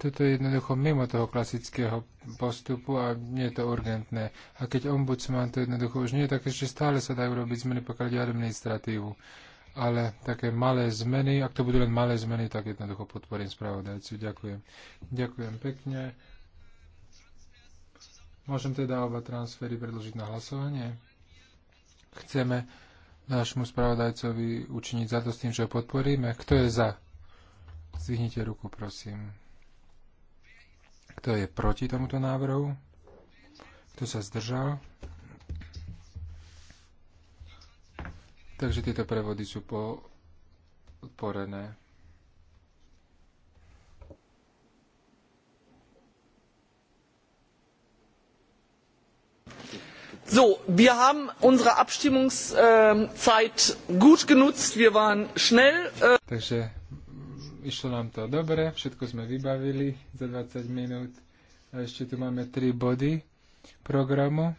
toto je jednoducho mimo toho klasického postupu a nie je to urgentné. A keď ombudsman to jednoducho už nie, tak ešte stále sa dajú robiť zmeny, pokiaľ ide administratívu. Ale také malé zmeny, ak to budú len malé zmeny, tak jednoducho podporím spravodajcu. Ďakujem. Ďakujem pekne. Môžem teda oba transfery predložiť na hlasovanie? chceme nášmu spravodajcovi učiniť za to s tým, že ho podporíme. Kto je za? Zvihnite ruku, prosím. Kto je proti tomuto návrhu? Kto sa zdržal? Takže tieto prevody sú podporené. wir haben unsere Abstimmungszeit ähm, gut genutzt, wir waren schnell. Äh, Takže mm, išlo nám to dobre, všetko sme vybavili za 20 minút. A ešte tu máme tri body programu.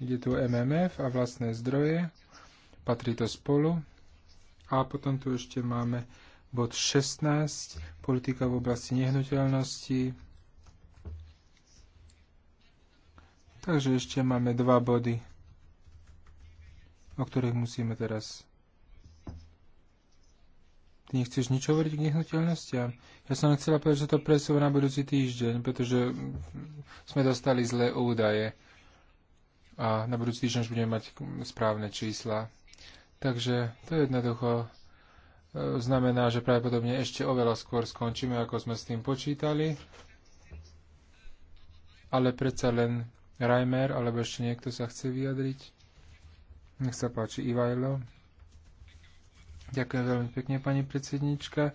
Ide tu MMF a vlastné zdroje. Patrí to spolu. A potom tu ešte máme bod 16, politika v oblasti nehnuteľnosti, Takže ešte máme dva body, o ktorých musíme teraz... Ty nechceš nič hovoriť k nehnuteľnostiam? Ja som chcela povedať, že to presúva na budúci týždeň, pretože sme dostali zlé údaje a na budúci týždeň už budeme mať správne čísla. Takže to jednoducho e, znamená, že pravdepodobne ešte oveľa skôr skončíme, ako sme s tým počítali, ale predsa len Reimer, alebo ešte niekto sa chce vyjadriť? Nech sa páči, Ivajlo. Ďakujem veľmi pekne, pani predsednička.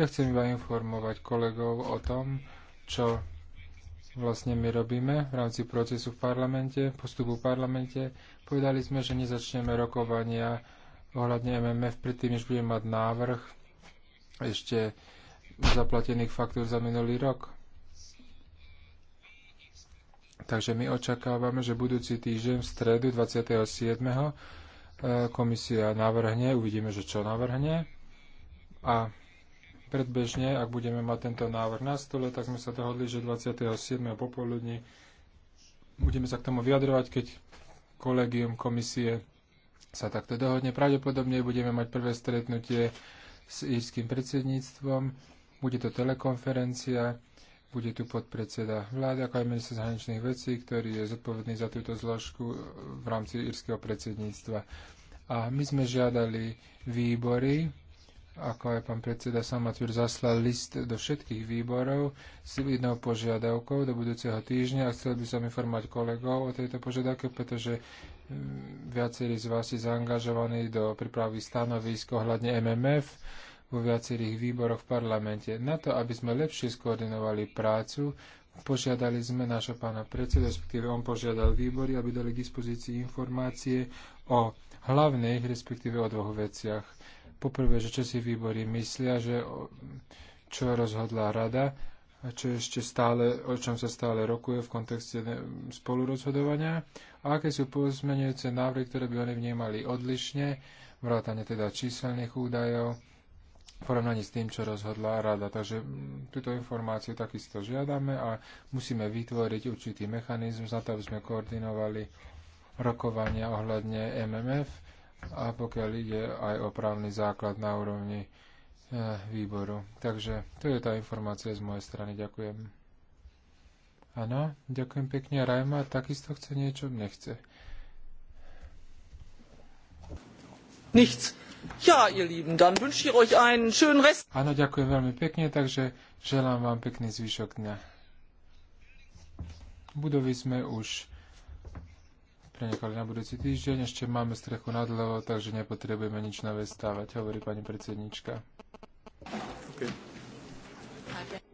Ja chcem iba informovať kolegov o tom, čo vlastne my robíme v rámci procesu v parlamente, postupu v parlamente. Povedali sme, že nezačneme rokovania ohľadne MMF predtým, než budeme mať návrh ešte zaplatených faktúr za minulý rok. Takže my očakávame, že budúci týždeň v stredu 27. E, komisia navrhne, uvidíme, že čo navrhne. A predbežne, ak budeme mať tento návrh na stole, tak sme sa dohodli, že 27. popoludní budeme sa k tomu vyjadrovať, keď kolegium komisie sa takto dohodne. Pravdepodobne budeme mať prvé stretnutie s írským predsedníctvom. Bude to telekonferencia bude tu podpredseda vlády, ako aj minister zahraničných vecí, ktorý je zodpovedný za túto zložku v rámci írskeho predsedníctva. A my sme žiadali výbory, ako aj pán predseda Samatvír zaslal list do všetkých výborov s jednou požiadavkou do budúceho týždňa a chcel by som informovať kolegov o tejto požiadavke, pretože mm, viacerí z vás je zaangažovaní do prípravy stanovisk hľadne MMF vo viacerých výboroch v parlamente. Na to, aby sme lepšie skoordinovali prácu, požiadali sme nášho pána predsedu, respektíve on požiadal výbory, aby dali k dispozícii informácie o hlavných, respektíve o dvoch veciach. Poprvé, že čo si výbory myslia, že čo rozhodla rada, a čo ešte stále, o čom sa stále rokuje v kontexte spolurozhodovania a aké sú pozmenujúce návrhy, ktoré by oni vnímali odlišne, vrátane teda číselných údajov, porovnaní s tým, čo rozhodla rada. Takže mm, túto informáciu takisto žiadame a musíme vytvoriť určitý mechanizmus Za to, aby sme koordinovali rokovania ohľadne MMF a pokiaľ ide aj o právny základ na úrovni e, výboru. Takže to je tá informácia z mojej strany. Ďakujem. Áno, ďakujem pekne. Rajma takisto chce niečo? Nechce. Nichts. Ja, ihr Lieben, dann wünsche ich euch einen schönen Rest. Áno, ďakujem veľmi pekne, takže želám vám pekný zvyšok dňa. Budovy sme už prenechali na budúci týždeň, ešte máme strechu nad hlavou, takže nepotrebujeme nič nové stávať, hovorí pani predsednička. Okay.